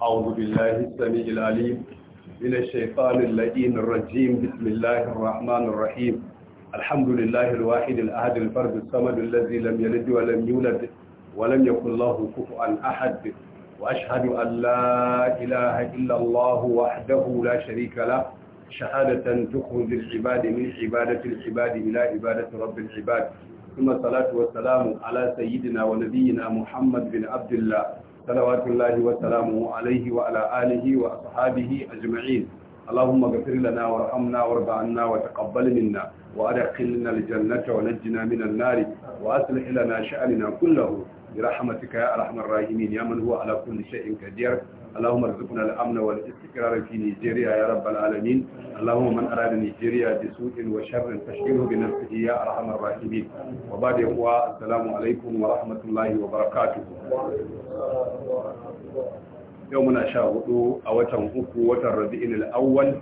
أعوذ بالله السميع العليم من الشيطان اللئيم الرجيم بسم الله الرحمن الرحيم الحمد لله الواحد الأحد الفرد الصمد الذي لم يلد ولم يولد ولم يكن له كفوا أحد وأشهد أن لا إله إلا الله وحده لا شريك له شهادة تخرج العباد من عبادة العباد إلى عبادة رب العباد ثم الصلاة والسلام على سيدنا ونبينا محمد بن عبد الله صلوات الله وسلامه عليه وعلى آله وأصحابه أجمعين اللهم اغفر لنا وارحمنا وارض عنا وتقبل منا وأدخلنا الجنة ونجنا من النار وأصلح لنا شأننا كله برحمتك يا أرحم الراحمين يا من هو على كل شيء قدير اللهم ارزقنا الأمن والاستقرار في نيجيريا يا رب العالمين اللهم من أراد نيجيريا بسوء وشر فاشغله بنفسه يا أرحم الراحمين وبعد هو السلام عليكم ورحمة الله وبركاته يومنا شاهدوا أوتن أكو وتن ربيع الأول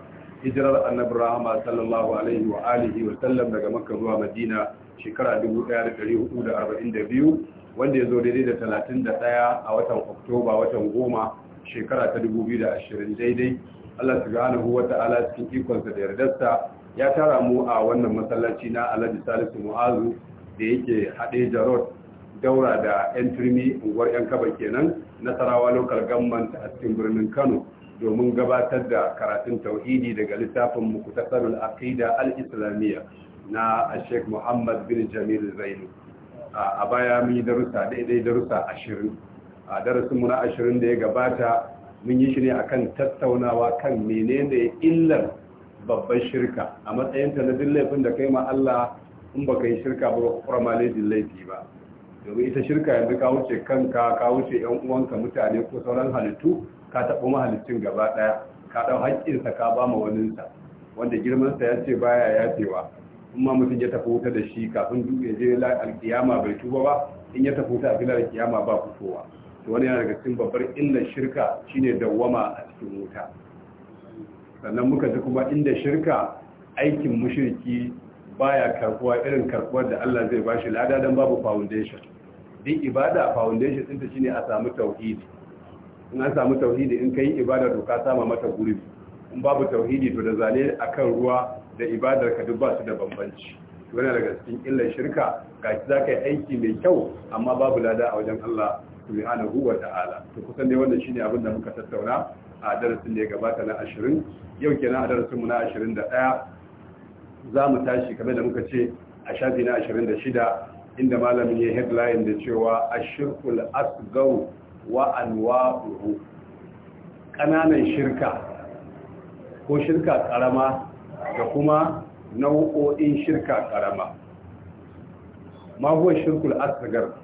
hijirar annabi rahama sallallahu alaihi wa alihi wa sallam daga makka zuwa madina shekara 1442 wanda ya zo daidai da talatin da 31 a watan oktoba watan goma shekara ta 2020 daidai Allah su subhanahu huwa ta'ala cikin ikonsa da yardarsa ya tara mu a wannan masallaci na Alhaji Salisu Mu'azu da yake haɗe Jarod daura da yan turmi unguwar yan kaba kenan nasarawa local government a cikin birnin Kano domin gabatar da karatun tauhidi daga littafin mukutasarul aqida al-islamiyya na Sheikh Muhammad bin Jamil Zainu a baya mun yi darussa daidai darussa ashirin a darasinmu na ashirin da ya gabata mun yi shi ne akan tattaunawa kan menene illar babban shirka a matsayinta na duk laifin da kai ma Allah in baka yi shirka ba kuma ma laifi ba domin ita shirka yanzu ka wuce kanka ka wuce yan uwanka mutane ko sauran halittu ka taɓa mahalittin gaba ɗaya ka ɗau haƙƙinsa ka ba ma waninsa wanda girmansa ya ce baya yafewa kuma mutum ya tafi wuta da shi kafin duk ya je alkiyama bai tuba ba in ya tafi wuta a filar alkiyama ba fitowa to wani yana daga cikin babbar illar shirka shine dawwama a cikin wuta sannan muka ji kuma inda shirka aikin mushriki baya karkuwa irin karkuwar da Allah zai bashi lada dan babu foundation duk ibada foundation ta shine a samu tauhidi in an samu tauhidi in kai ibada to ka sama mata gurbi in babu tauhidi to da zane akan ruwa da ibadar ka duk ba su da bambanci yana daga cikin illar shirka ga za aiki mai kyau amma babu lada a wajen Allah subhanahu wa ta'ala to kusan dai wannan shine abin da muka tattauna a darasin da ya gabata na 20 yau kenan a darasin mu na 21 za mu tashi kamar da muka ce a shafi na 26 inda malamin ya headline da cewa ashirkul asgaw wa anwa'uhu kananan shirka ko shirka karama da kuma nau'o'in shirka karama ma huwa shirkul asgar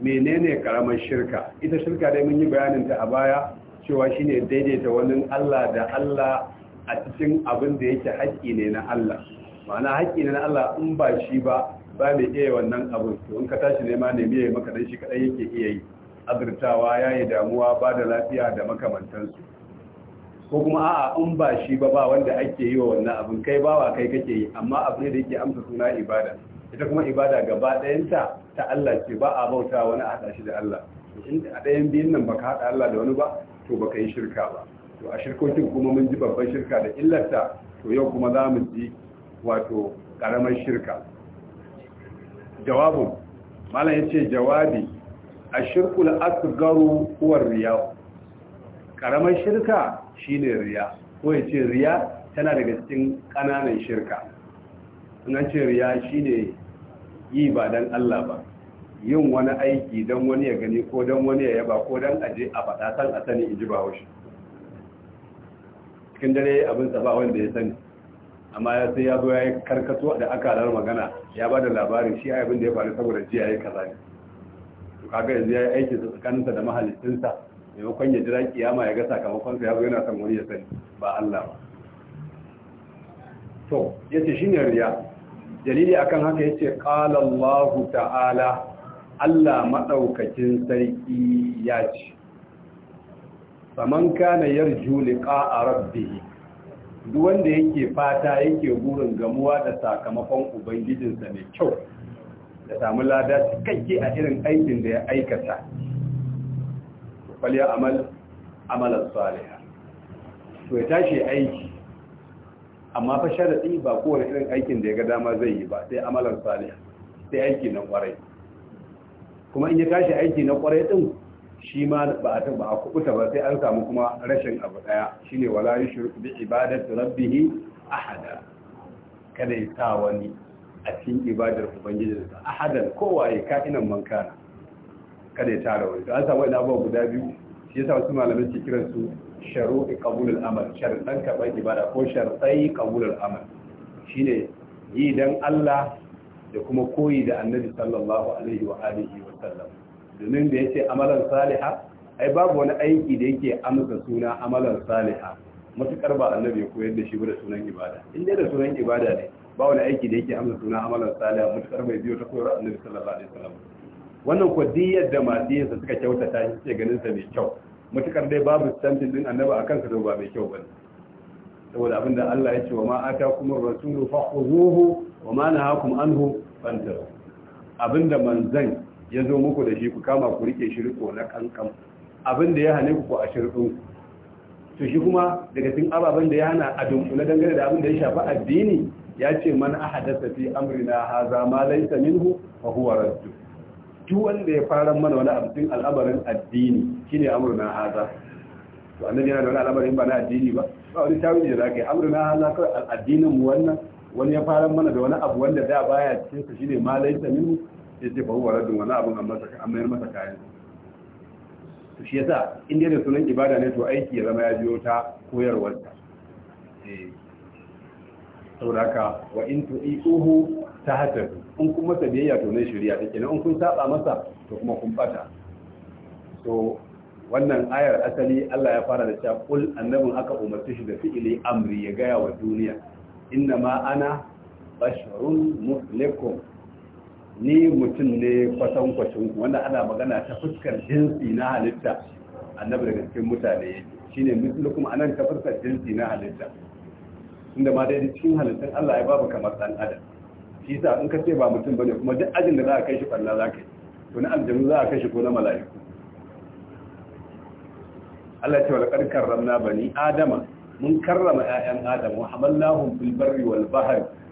menene karamar shirka ita shirka dai mun yi bayanin ta a baya cewa shine daidaita wani Allah da Allah a cikin abin da yake haƙƙi ne na Allah ma'ana haƙƙi ne na Allah in ba shi ba ba mai iya wannan abin to in ka tashi nema ne miye maka dan shi kadai yake iya yi azurtawa yayi damuwa ba da lafiya da makamantansu ko kuma a'a in ba shi ba ba wanda ake yi wa wannan abin kai bawa kai kake yi amma abu ne da yake amsa suna ibada ita kuma ibada gaba ɗayanta ta Allah ce ba a bauta wani a shi da Allah in a ɗayan biyun nan baka haɗa Allah da wani ba to baka yi shirka ba to a shirkokin kuma mun ji babban shirka da illarta to yau kuma za mu ji wato ƙaramar shirka jawabin malam ya ce jawabi a shirkul asgaru uwar riya ƙaramar shirka shine riya ko ya ce riya tana daga cikin kananan shirka suna ce riya shine yi ba dan Allah ba yin wani aiki don wani ya gani ko don wani ya yaba ko don aje a faɗa san a sani in ji ba wasu cikin dare abin sa ba wanda ya sani amma ya sai ya zo ya yi karkato da aka akalar magana ya ba da labarin shi abin da ya faru saboda jiya ya kaza ne kaga yanzu ya yi aikin tsakaninsa da mahalicinsa maimakon ya jira kiyama ya ga sakamakon sa ya yana son wani ya sani ba Allah ba to yace shine riya dalili akan haka yace qala Allahu ta'ala Allah madaukakin sarki ya ce faman kana yarju liqa'a rabbih duk wanda yake fata yake burin gamuwa da sakamakon ubangijinsa ne kyau da samu lada cikakke a irin aikin da ya aikata fal ya amal amalan salihah to ya tashi aiki amma fa sharadi ba kowane irin aikin da ya ga dama zai yi ba sai amalan salihah sai aiki na kwarai kuma in ya tashi aiki na kwarai din shi ma ba a taba a kubuta ba sai an samu kuma rashin abu daya shine wala yushriku bi ibadati rabbih ahada kada ya sa wani a cikin ibadar ubangijinsa ahadan kowaye inan mankana kada ya tara wani to an samu ina ba guda biyu shi yasa wasu malamai ke kiran su sharu'i qabulul amal ka ba ibada ko sharɗai qabulul amal shine yi dan Allah da kuma koyi da annabi sallallahu alaihi wa alihi wa sallam domin da yace amalan saliha ai babu wani aiki da yake amsa suna amalan saliha matukar ba annabi ya koyar da shi ba da sunan ibada in dai da sunan ibada ne ba wani aiki da yake amsa suna amalan saliha matukar bai biyo ta koyar annabi sallallahu alaihi wa sallam wannan ko da masu suka kyauta ta shi ce ganin mai kyau mutukar dai babu stampin din annaba a sa ba mai kyau bane saboda abin da Allah ya ce wa ma atakumur rasulu fakhuzuhu wa ma nahakum anhu fantahu abinda manzan ya zo muku da shi ku kama ku rike shi riko na kankan da ya hane ku a shirkin to shi kuma daga cikin ababen da ya hana a dunkule dangane da abin da ya shafi addini ya ce man ahadatha fi amrina haza ma laysa minhu fa huwa raddu duk wanda ya fara mana wani abin al'amarin addini shine na haza to annabi yana da wani al'amarin ba na addini ba ba wani tawili da zaka yi na haza kawai addinin mu wannan wani ya fara mana da wani abu wanda da baya cikin sa shine ta laisa ya ce ba huwa raddun wani abin amma saka amma masa kayan to shi yasa in dai da sunan ibada ne to aiki ya zama ya biyo ta koyarwar ta eh saboda haka wa in tu'iquhu ta hatar in kun masa biyayya to nan shari'a take nan in kun saba masa to kuma kun bata to wannan ayar asali Allah ya fara da cewa kul annabin aka umarci shi da fi'ili amri ya gaya wa duniya inna ma ana basharun muslikum ni mutum ne kwatan kwacin wanda ana magana ta fuskar jinsi na halitta annabi daga cikin mutane shine muslikum anan ta fuskar jinsi na halitta inda ma dai cikin halittun Allah ya babu kamar dan adam shi sa in ka ce ba mutum bane kuma duk ajin da za a kai shi farna za ka yi to na aljanu za a kai shi ko na mala'iku Allah ya ce wal karramna bani adama mun karrama ƴaƴan Adamu, wa hamalnahum fil barri wal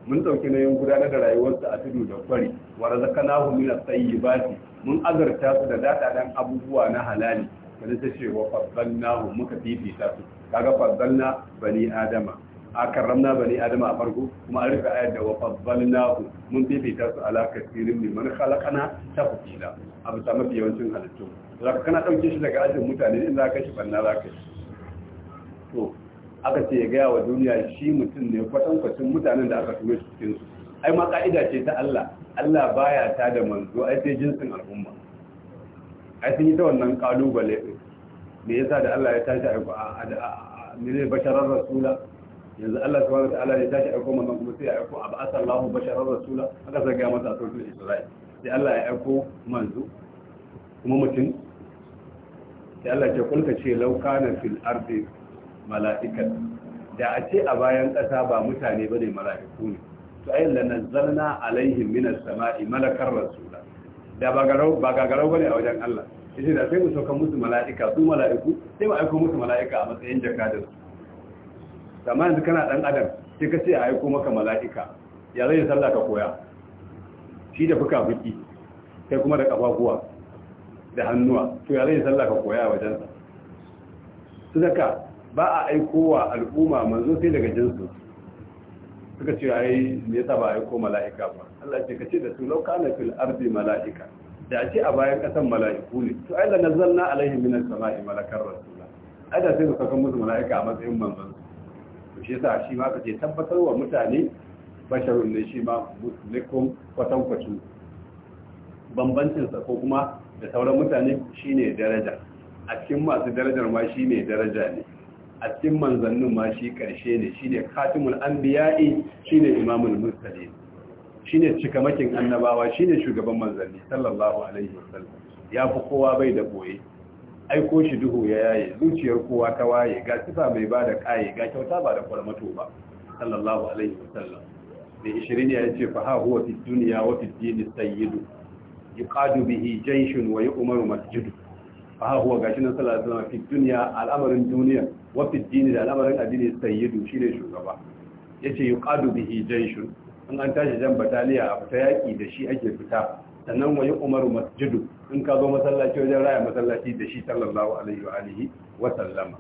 mun ɗauki nayin gudanar da rayuwarsa a tudu da kwari wa razaqnahum min at-tayyibati mun azarta su da dadadan abubuwa na halali kada ta ce wa faddalnahum muka fifita su kaga faddalna bani adama a karramna bani adama a farko kuma an rufe ayar da wafazzalnahu mun fifita su mai mani halakana ta tafsila a bisa mafi yawancin halittu za ka kana ɗauke shi daga ajin mutane in za ka shi banna za ka shi to aka ce ya gaya wa duniya shi mutum ne kwatan mutanen da aka tuwe cikinsu, su ai ma ka'ida ce ta Allah Allah baya ta da manzo ai sai jinsin al'umma ai sun yi ta wannan kalubale din me yasa da Allah ya tashi ai ba a da ne bashar rasula yanzu Allah subhanahu wataala ya tashi aiko manzon kuma sai ya aiko abu asallahu basharar rasula aka zaga masa a sautul isra'il sai Allah ya aiko manzo kuma mutum sai Allah ya kulka ce laukana fil ardi mala'ikat da a ce a bayan kasa ba mutane bane mala'iku ne to ayin la nazzalna alaihim minas sama'i malakar rasula da ba garau ba gagarau bane a wajen Allah Sai da sai mu sauka musu mala'ika su mala'iku sai mu aiko musu mala'ika a matsayin jakadansu su amma yanzu kana dan adam sai ka ce a aiko maka mala'ika ya zai sallah ka koya shi da fuka fuki sai kuma da kafafuwa da hannuwa to ya zai sallah ka koya wajen sa sadaka ba a aikowa al'umma manzo sai daga jinsu suka ce ai me yasa ba a aiko mala'ika ba Allah ce ka ce da su laukana fil ardi mala'ika da a ce a bayan kasan mala'iku ne to ai la nazzalna alaihim minas sama'i malakar rasula ai da sai mu saka musu mala'ika a matsayin manzon to shi yasa shi ma ka ce tabbatar wa mutane basharun ne shi ma muslikum kwatankwacin bambancinsa ko kuma da sauran mutane shine daraja a cikin masu darajar ma shine daraja ne a cikin manzannin ma shi karshe ne shi ne katimul anbiya'i shine imamul Shi ne cikamakin annabawa shi ne shugaban manzanni sallallahu alaihi wasallam ya fi kowa bai da boye aiko shi duhu ya yaye zuciyar kowa ta waye ga sifa mai ba da kaye ga kyauta ba da kwarmato ba sallallahu alaihi wasallam da ishirin ya ce fa huwa fi dunya wa fi dini sayyidu yuqadu bihi jayshun wa yu'maru masjidu fa ha huwa gashi nan sallallahu alaihi wasallam fi dunya al'amarin duniya wa fi dini da al'amarin addini sayyidu shine shugaba yace yuqadu bihi jayshun an an tashi jan bataliya a fita yaki da shi ake fita sannan wa umaru masjidu in ka zo masallaci wajen raya masallaci da shi sallallahu alaihi wa alihi wa sallama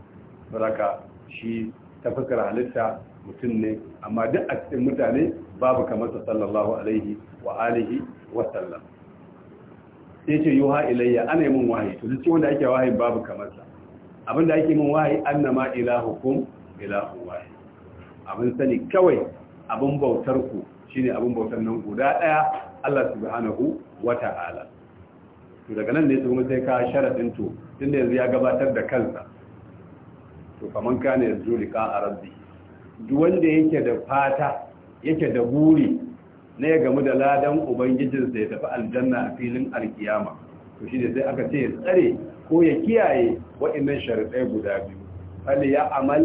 baraka shi ta fikira halitta mutum ne amma duk a cikin mutane babu kamar sa sallallahu alaihi wa alihi wa sallam sai ce yuha ilayya ana yi mun wahayi to duk wanda ake wahayi babu kamar sa abinda ake mun wahayi annama ilahukum ilahu wahid abin sani kawai abin bautar ku shine abin bautar nan guda daya Allah subhanahu wa ta'ala to daga nan ne su kuma sai ka sharadin to tunda yanzu ya gabatar da kansa to kaman ne yanzu liqa rabbi duk wanda yake da fata yake da buri na ya gamu da ladan ubangijinsa ya tafi aljanna a filin alkiyama to shi ne sai aka ce ya tsare ko ya kiyaye waɗannan sharadai guda biyu fali ya amal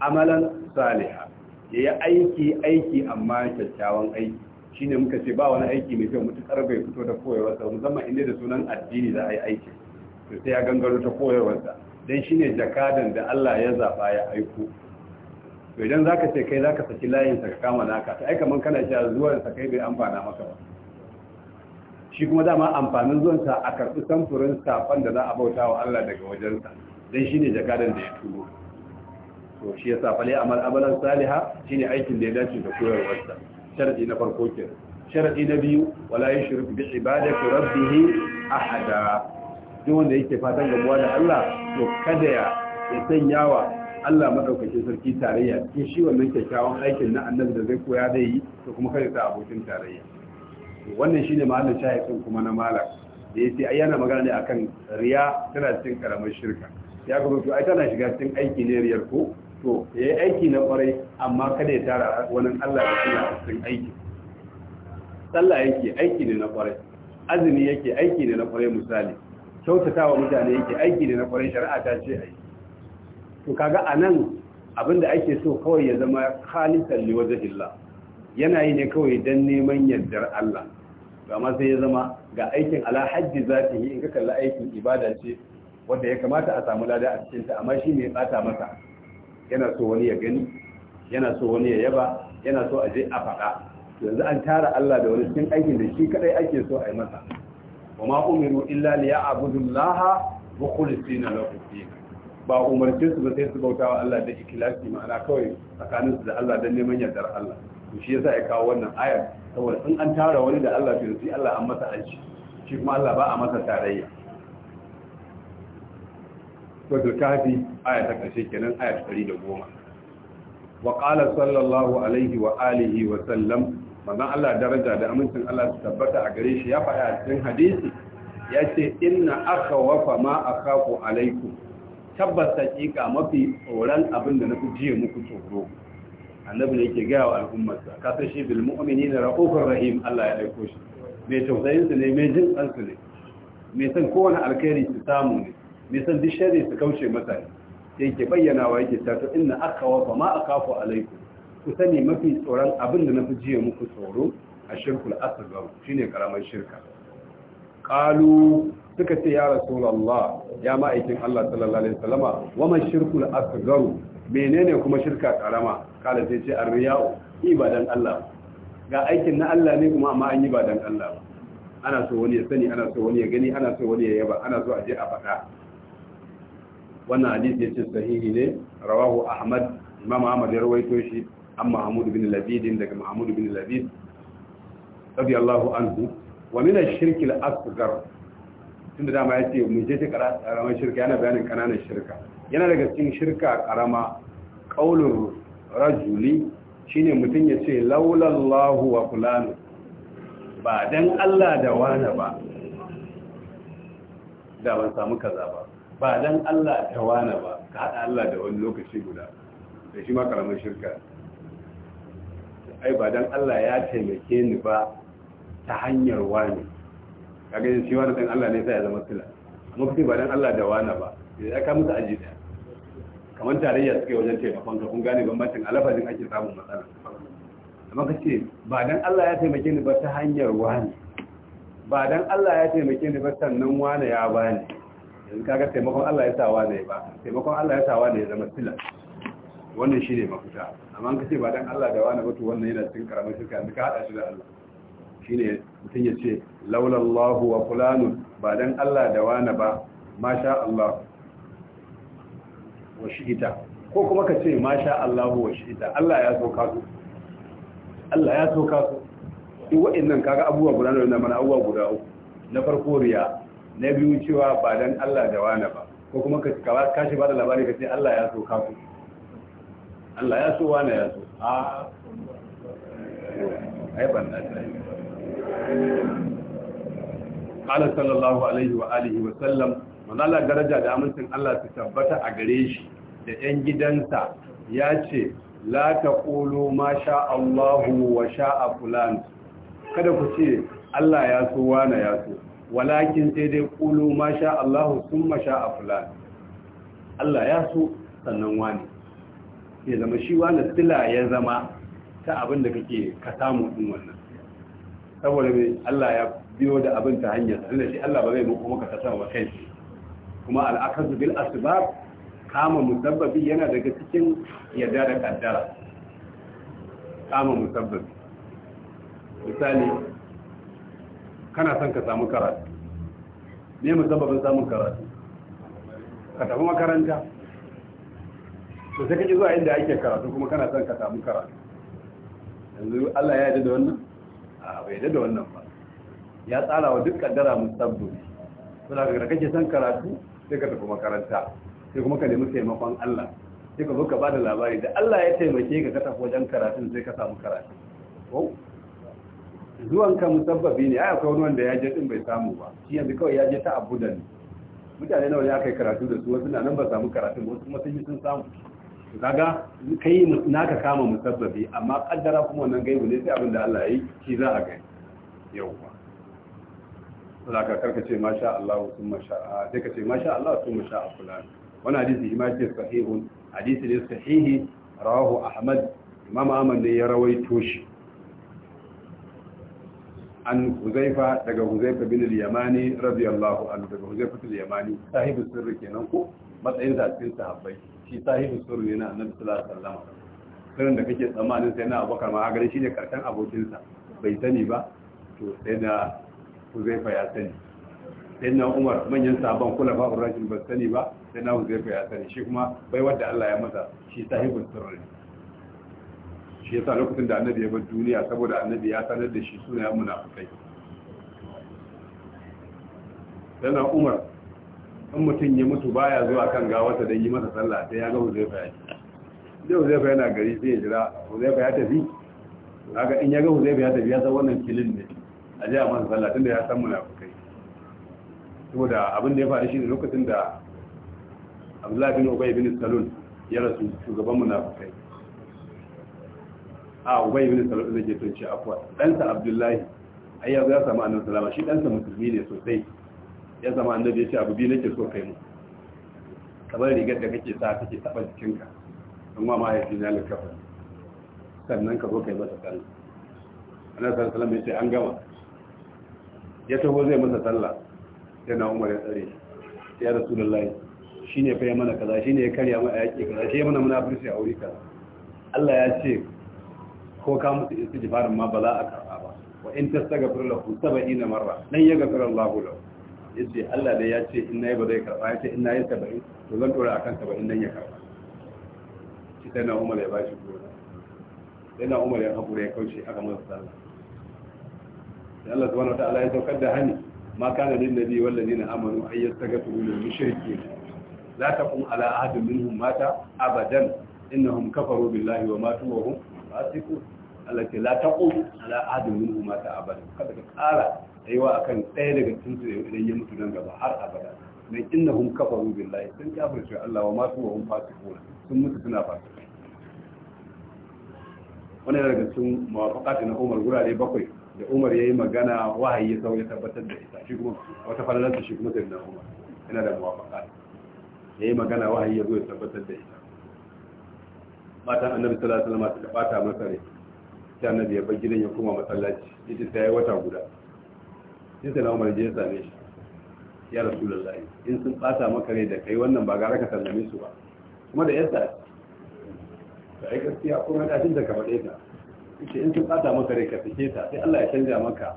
amalan saliha ya yi aiki aiki amma kyakkyawan aiki shine muka ce ba wani aiki mai kyau mutu bai fito da sa musamman inda da sunan addini za a yi aiki to sai ya gangaro ta sa dan shine jakadan da Allah ya zaba ya aiko to idan zaka ce kai zaka saki layin sa ka kama naka to ai kaman kana cewa zuwan sa kai bai amfana maka ba shi kuma dama amfanin zuwan sa a karbi samfurin safan da za a bauta wa Allah daga wajensa dan shine jakadan da ya turo to shi yasa fali amal amalan saliha shine aikin da ya dace da sa sharadi na farko ke sharadi na biyu wala yushrik bi ibadati rabbih ahada duk wanda yake fatan gamuwa da Allah to kada ya sanyawa Allah maɗaukacin sarki tarayya cikin shi wannan kyakkyawan aikin na annabi da zai koya da yi to kuma kada ta abokin tarayya wannan shine mahallin ɗin kuma na malam da yace ai yana magana ne akan riya tana cikin karamar shirka ya ga to ai tana shiga cikin aiki ne riyar ko to ya yi aiki na kwarai amma kada ya tara wani Allah da suna a cikin aiki sallah yake aiki ne na kwarai azumi yake aiki ne na kwarai misali Kyautata wa mutane yake aiki ne na kwarai shari'a ta ce yi. to kaga a nan abinda ake so kawai ya zama ne wajen illa. yana yi ne kawai don neman yardar Allah amma sai ya zama ga aikin ala hajji yi in ka kalli aikin ibada ce wanda ya kamata a samu lada a cikinta, amma shi ne ya masa yana so wani ya gani yana so wani ya yaba yana so a je a faɗa yanzu an tara Allah da wani cikin aikin da shi kadai ake so a yi masa wa ma umiru illa li ya'budu wa khulisina lahu ba umarce su ba sai su bautawa Allah da ikhlasi ma'ana kawai tsakanin su da Allah dan neman yardar Allah to shi yasa ya kawo wannan ayar saboda in an tara wani da Allah to sai Allah an masa aiki shi kuma Allah ba a masa tarayya suratul kafi aya ta karshe kenan aya ta 110 wa qala sallallahu alaihi wa alihi wa sallam manzon Allah daraja da amincin Allah su tabbata a gare shi ya faɗa a cikin hadisi Ya yace inna akhawafa ma akhafu alaikum tabbas hakika mafi tsoron abin da na fi jiye muku tsoro annabi ne yake gaya wa al'ummarsa ka san shi bil na ra'ufur rahim Allah ya aiko shi mai tausayin ne mai jin kansu ne mai san kowane alkhairi su samu ne nisan duk shari su kauce masa yake bayyana wa yake ta to aka akawa fa ma akafu alaikum ku sani mafi tsoron abin da fi jiya muku tsoro a shirkul asghar shine karamar shirka qalu suka ce ya rasulullah ya ma'aikin Allah sallallahu alaihi wasallama wa ma shirkul asghar menene kuma shirka karama kala sai ce arriya'u ibadan Allah ga aikin na Allah ne kuma amma an yi ba don Allah ana so wani ya sani ana so wani ya gani ana so wani ya yaba ana so a je a faɗa wannan hadisi yace sahihi ne rawahu ahmad imam ahmad ya rawaito shi an mahmud bin labid daga mahmud bin labid Allahu anhu wa min ash-shirk al-asghar tunda dama yace mu je ta karamar shirka yana bayanin kananan shirka yana daga cikin shirka karama qaulur rajuli shine mutun yace laulallahu wa fulanu ba dan Allah da wani ba da ban samu kaza ba ba dan Allah ta wana ba ka haɗa Allah da wani lokaci guda da shi ma karamin shirka ai ba dan Allah ya taimake ni ba ta hanyar wani kaga yin shi wani dan Allah ne sai ya zama sila amma kuma ba dan Allah da wani ba ya ka musu aji ɗaya? kamar tarayya suke wajen taimakon ka kun gane bambancin alafajin ake samun matsala amma ka ce ba dan Allah ya taimake ni ba ta hanyar wani ba dan Allah ya taimake ni ba sannan wani ya bani in kaga taimakon Allah ya sawa ne ba taimakon Allah ya sawa ne ya zama sila wannan shi ne mafita amma an kace ba dan Allah da wani mutu wannan yana cikin karamar shirka yanzu ka hada shi da Allah shine mutum ya ce laulallahu wa fulanun ba dan Allah da wani ba masha Allah wa shi'ita ko kuma ka ce masha Allah wa shi'ita Allah ya so ka so Allah ya so ka so duk wa'annan kaga abubuwa guda ne mana abubuwa guda uku na farko riya na biyu cewa ba dan Allah da wani ba ko kuma ka kashi ba da labari ka ce Allah ya so ka so Allah ya so wani ya so a ai ban da ta qala sallallahu alaihi wa alihi wa sallam manala daraja da amincin Allah su tabbata a gare shi da yan gidansa ya ce la taqulu ma sha Allahu wa sha'a fulan kada ku ce Allah ya so wani ya so walakin sai dai kulu ma sha Allahu sun ma sha afulan Allah ya so sannan wani ya zama shi wani sila ya zama ta abin da kake ka samu din wannan saboda mai Allah ya biyo da abin ta hanyar sannan shi Allah ba zai muku maka ta sama kai kuma al'akazu bil asbab kama musabbabi yana daga cikin yadda da kaddara kama musabbabi misali kana son ka samu karatu ne musabbabin samun karatu ka tafi makaranta to sai kake zuwa inda ake karatu kuma kana son ka samu karatu yanzu Allah ya yarda da wannan a bai yarda da wannan ba ya tsara wa duk kaddara musabbabi to da kaga kake son karatu sai ka tafi makaranta sai kuma ka nemi taimakon Allah sai ka zo ka bada labari da Allah ya taimake ka ka tafi wajen karatu sai ka samu karatu ko zuwanka musabbabi ne ai akwai wani wanda ya je din bai samu ba shi yanzu kawai ya je ta abuda ne mutane nawa ne aka yi karatu da su wasu na nan ba samu karatu ba wasu kuma sun yi sun samu zaga kai naka kama musabbabi amma kaddara kuma wannan gaibu ne sai abin da Allah ya yi shi za a yau yauwa sai ka ce masha Allah sun masha sai ka ce masha Allah sun masha fulan wannan hadisi ma ce sahihun hadisi ne sahihi rawahu ahmad imam ahmad ne ya rawaito shi an huzaifa daga huzaifa bin al-yamani radiyallahu anhu daga huzaifa bin al-yamani sahibu sirri kenan ko matsayin sa cikin sahabbai shi sahibu sirri ne na annabi sallallahu alaihi wasallam sirrin da kake tsammanin sai na abubakar ma gare shi ne karshen abokin sa bai sani ba to sai da huzaifa ya sani sai na umar manyan sahabban kulafa urajin ba sani ba sai na huzaifa ya sani shi kuma bai wanda Allah ya masa shi sahibu sirri shi yasa lokacin da annabi ya bar duniya saboda annabi ya sanar da shi suna sunayen munafukai yana umar in mutum ya mutu baya zuwa kan gawarsa don yi masa sallah sai ya ga huzaifa ya ce huzaifa yana gari sai ya jira huzaifa ya tafi haka in ya ga huzaifa ya tafi ya san wannan kilin ne a jiya masa sallah tunda ya san munafukai saboda abin da ya faru shi ne lokacin da abdullahi bin ubay bin salun ya rasu shugaban munafikai a ubai ibn salul da ke tunce kuwa. ɗansa abdullahi ai ya sami samu annabi sallama shi ɗansa musulmi ne sosai ya zama annabi ya ce abu biyu nake so kai mu kamar rigar da kake sa kake taba jikinka don ma mahaifi na likafa sannan ka zo kai masa sallah annabi sallallahu alaihi mai ya ce an gama ya taho zai masa sallah Yana na umar ya tsare ya rasulullahi shine fa ya mana kaza shine ya karya mana yaki kaza shi ya mana munafirci a wuri kaza Allah ya ce ko ka musu istighfarin ma ba za a karba ba wa in tastaghfir lahu 70 marra ya yaghfir Allahu lahu yace Allah dai ya ce in nayi ba zai karba yace in nayi 70 to zan dora akan 70 dan ya karba shi sai na Umar ya bashi gona sai na Umar ya hakure ya kauce aka masa sallah sai Allah subhanahu wataala ya saukar da hani ma kana lin nabi wal ladina amanu ay yastaghfiru lil mushrikeen la taqum ala ahadin minhum mata abadan innahum kafaru billahi wa matu wa hum fasiku Allah ce la taqum ala ahadin minhum mata abada kada ka kara aiwa akan ɗaya daga cikin su idan ya mutu nan gaba har abada dan innahum kafaru billahi sun kafirce Allah wa ma su hum fasiku sun mutu suna fasikai wani daga cikin mawafaqati na Umar gurare bakwai da Umar yayi magana wahayi ya sauya tabbatar da ita shi kuma wata falalar shi kuma sai na Umar yana da mawafaqati yayi magana wahayi ya zo ya tabbatar da ita matan annabi sallallahu alaihi wasallam ta bata masa rai sai annabi ya bar gidan ya koma masallaci yace sai wata guda sai sai na Umar je ya same shi ya rasulullahi in sun fata maka rai da kai wannan ba gara ka sallame su ba kuma da yasa ta ai gaskiya kuma da shin da ka faɗe ta yace in sun fata maka rai ka fike ta sai Allah ya canja maka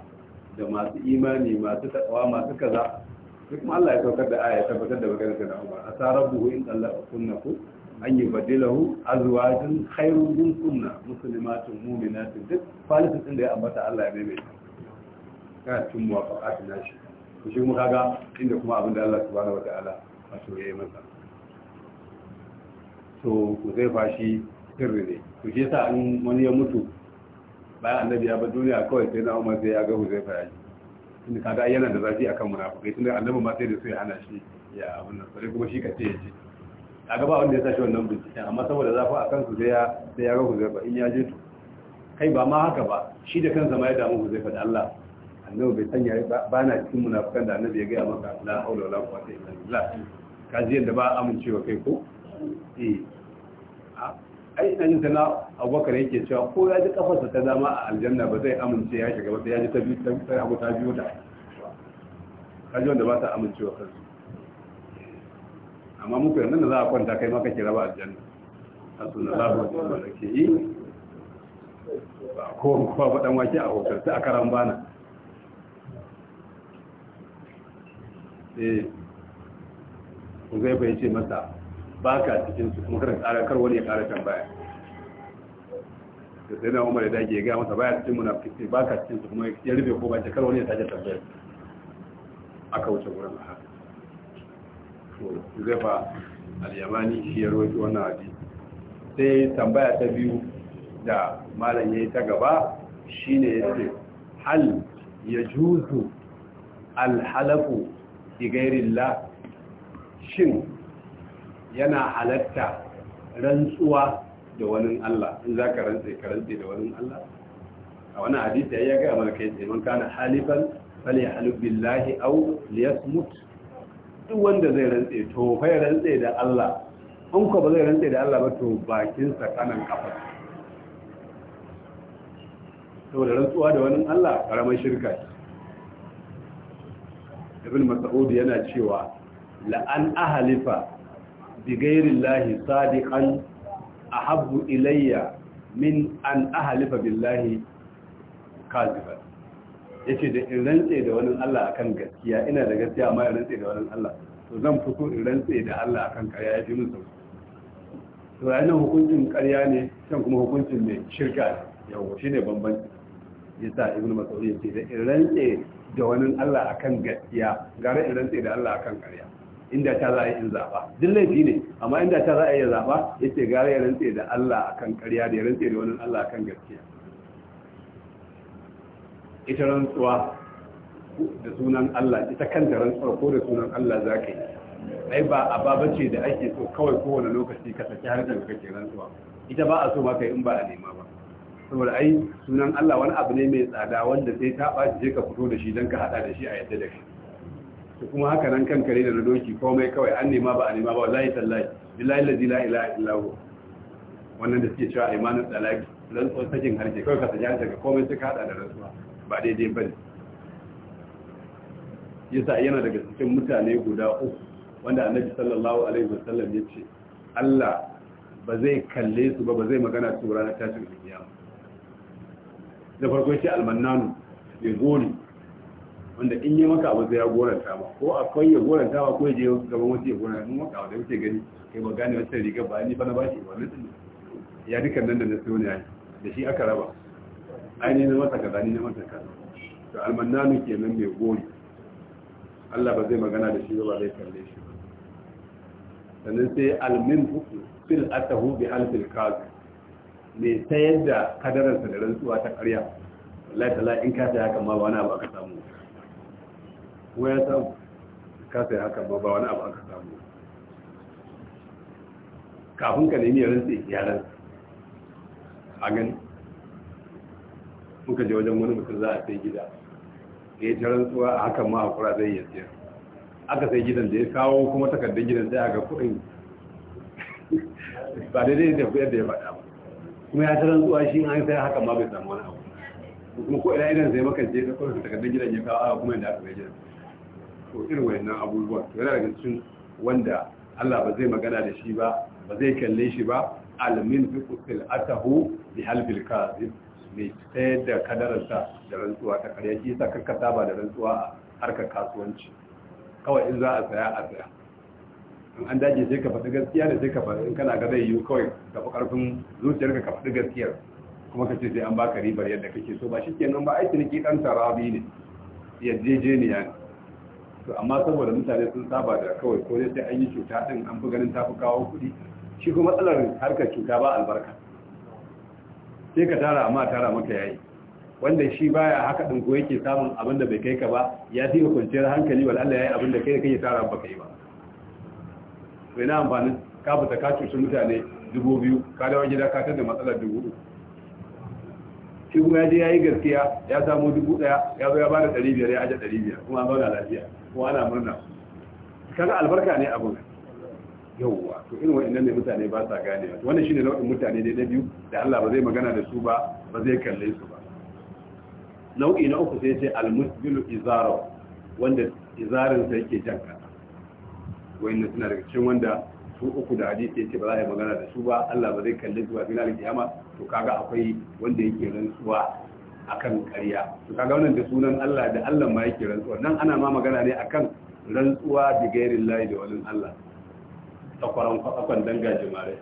da masu imani masu takawa masu kaza duk kuma Allah ya saukar da aya tabbatar da maganar da Umar asarabu in Allah kunnaku an yi badilahu azwajin khairun din kunna muslimatun mu'minatun duk falisu din da ya ambata Allah ya maimaita kana tun muwafaqat nashi to shi mu kaga inda kuma abin da Allah subhanahu wataala a so masa to ku zai fashi sirri ne to shi yasa in wani ya mutu bayan annabi ya bar duniya kawai sai na Umar sai ya ga Huzaifa ya ji inda kaga yana da zafi akan munafiki tunda annabi ma sai da su ya hana shi ya abun nan sai kuma shi kace ya ji kaga ba wanda ya sashi wannan bincike amma saboda zafi a kansu sai ya sai ya ga ba in ya je to kai ba ma haka ba shi da kansa ma ya damu huzaifa da Allah annabi bai sanya ba na cikin munafikan da annabi ya gaya maka la haula wala quwwata illa billah ka ji ba amincewa kai ko eh ai ina jin sana abubakar yake cewa ko ya ji kafarsa ta dama a aljanna ba zai amince ya shiga ba sai ya ji ta biyu ta biyu ta biyu da wanda ba ta amincewa kansu amma muku yanzu da za a kwanta kai ma kake raba aljanna za na zaɓa ba da ke yi ba ko kowa faɗan wake a hotel ta a karan bana eh ku zai bai ce masa ba ka cikin su kuma karin kar wani ya can tambaya da sai na umar ya dage ya gaya masa baya cikin fiske ba ka cikin su kuma ya rufe ko ba ce kar wani ya sake tambaya aka wuce wurin a haka to zaifa al-yamani shi ya rawaito wannan hadisi sai tambaya ta biyu da malam yayi ta gaba shine yace hal yajuzu al-halafu bi ghairillah shin yana halatta rantsuwa da wani Allah in ka ka rantse da wani Allah a wani hadisi ya ga mana kai tsaye man kana halifan fali halif billahi aw liyasmut duk wanda zai rantse to fa ya rantse da Allah an ko ba zai rantse da Allah ba to bakin sa kanan kafa da rantsuwa da wani Allah karamar shirka ibn mas'ud yana cewa la an ahlifa bi ghairi Allah sadiqan ahabbu ilayya min an ahlifa billahi kaziban yace da in rantse da wani Allah akan gaskiya ina da gaskiya amma in rantse da wani Allah to zan fito in rantse da Allah akan karya ya fi min sauki to nan hukuncin karya ne can kuma hukuncin mai shirka yawo shi ne bambanci ya sa ibn mas'ud ya ce da in rantse da wani Allah akan gaskiya gara in rantse da Allah akan karya inda ta za a yi in zaɓa duk laifi ne amma inda ta za a yi zaɓa ya ce gara ya rantse da Allah akan karya da ya rantse da wani Allah akan gaskiya ita rantsuwa da sunan Allah ita kanta rantsuwa ko da sunan Allah za ka yi ai ba a ba bace da ake so kawai kowane lokaci ka saki har da kake rantsuwa ita ba a so ma kai in ba a nema ba saboda ai sunan Allah wani abu ne mai tsada wanda sai ta ɓaci je ka fito da shi don ka haɗa da shi a yadda da kai to kuma haka nan kanka kare da na doki komai kawai an nema ba a nema ba wallahi tallahi billahi lazi la ilaha illa hu wannan da suke cewa imanin talaki rantsuwar sakin harshe kawai ka saki har da komai sai ka haɗa da rantsuwa ba daidai ba ne yasa yana daga cikin mutane guda uku wanda annabi sallallahu alaihi wasallam ya ce Allah ba zai kalle su ba ba zai magana su ranar tashin duniya da farko ya ce almannanu ya gori wanda in yi maka abu zai ya goranta ba ko akwai ya goranta ba ko ya je gaban wasu ya goranta mun maka da wuce gani kai ba gane wata riga ba ni ba na shi wannan ya dukan nan da na so ne da shi aka raba Ainihin na masa kaza ni na masa kaza to almannanu kenan mai gori Allah ba zai magana da shi ba zai kalle shi ba sannan sai almin fuku fil atahu bi alfil kaz ne ta yadda kadararsa da rantsuwa ta ƙarya wallahi ta in ka sai haka ma ba wani abu aka samu ko ya samu ka sai haka ma ba wani abu aka samu kafin ka nemi ya rantsi ya rantsi a gani muka je wajen wani mutum za a sai gida da ya ci rantsuwa a hakan ma hakura zai ya siyar aka sai gidan da ya kawo kuma takardar gidan sai ga kuɗin ba daidai da yadda ya faɗa ba kuma ya ci rantsuwa shi an sai hakan ma bai samu wani abu kuma ko ina idan sai makance da kawai takardar gidan ya kawo aka kuma yadda aka sai gidan to irin wayannan abubuwan to yana daga cikin wanda Allah ba zai magana da shi ba ba zai kalle shi ba almin fi kusil atahu bi halbil kazib mai sayar da kadararsa da rantsuwa ta karya shi sa karka saba da rantsuwa a harkar kasuwanci kawai in za a saya a saya in an dace sai ka faɗi gaskiya da sai ka faɗi in kana ga zai yiwu kawai ka fi ƙarfin zuciyarka ka faɗi gaskiyar kuma ka ce sai an baka ribar yadda kake so ba shi kenan ba aiki ne ki ɗan tarabi ne yarjejeniya ne to amma saboda mutane sun saba da kawai ko dai sai an yi cuta din an fi ganin fi kawo kuɗi shi kuma matsalar harkar cuta ba albarka sai ka tara amma tara maka yayi wanda shi baya haka din ko yake samun abin da bai kai ka ba ya fi kwanciyar hankali wal Allah yayi abin da kai kai tara ba kai ba to ina amfani ka fita ka cuci mutane dubu biyu ka dawo gida ka tada matsalar dubu shi kuma ya je yi gaskiya ya samu dubu daya ya zo ya bada 500 ya aje 500 kuma an zauna lafiya kuma ana murna kaga albarka ne abin yawwa to irin wa'annan ne mutane ba sa gane wannan shine nau'in mutane ne na biyu da Allah ba zai magana da su ba ba zai kalle su ba nau'i na uku sai ce al-musbilu izaro wanda izarin sa yake jan kasa wa'annan suna daga cikin wanda su uku da hadisi yake ba za a yi magana da su ba Allah ba zai kalle su ba final kiyama to kaga akwai wanda yake rantsuwa akan ƙarya to kaga wannan da sunan Allah da Allah ma yake rantsuwa nan ana ma magana ne akan rantsuwa bi gairin Allah da walin Allah takwaran kwakwan danga jimare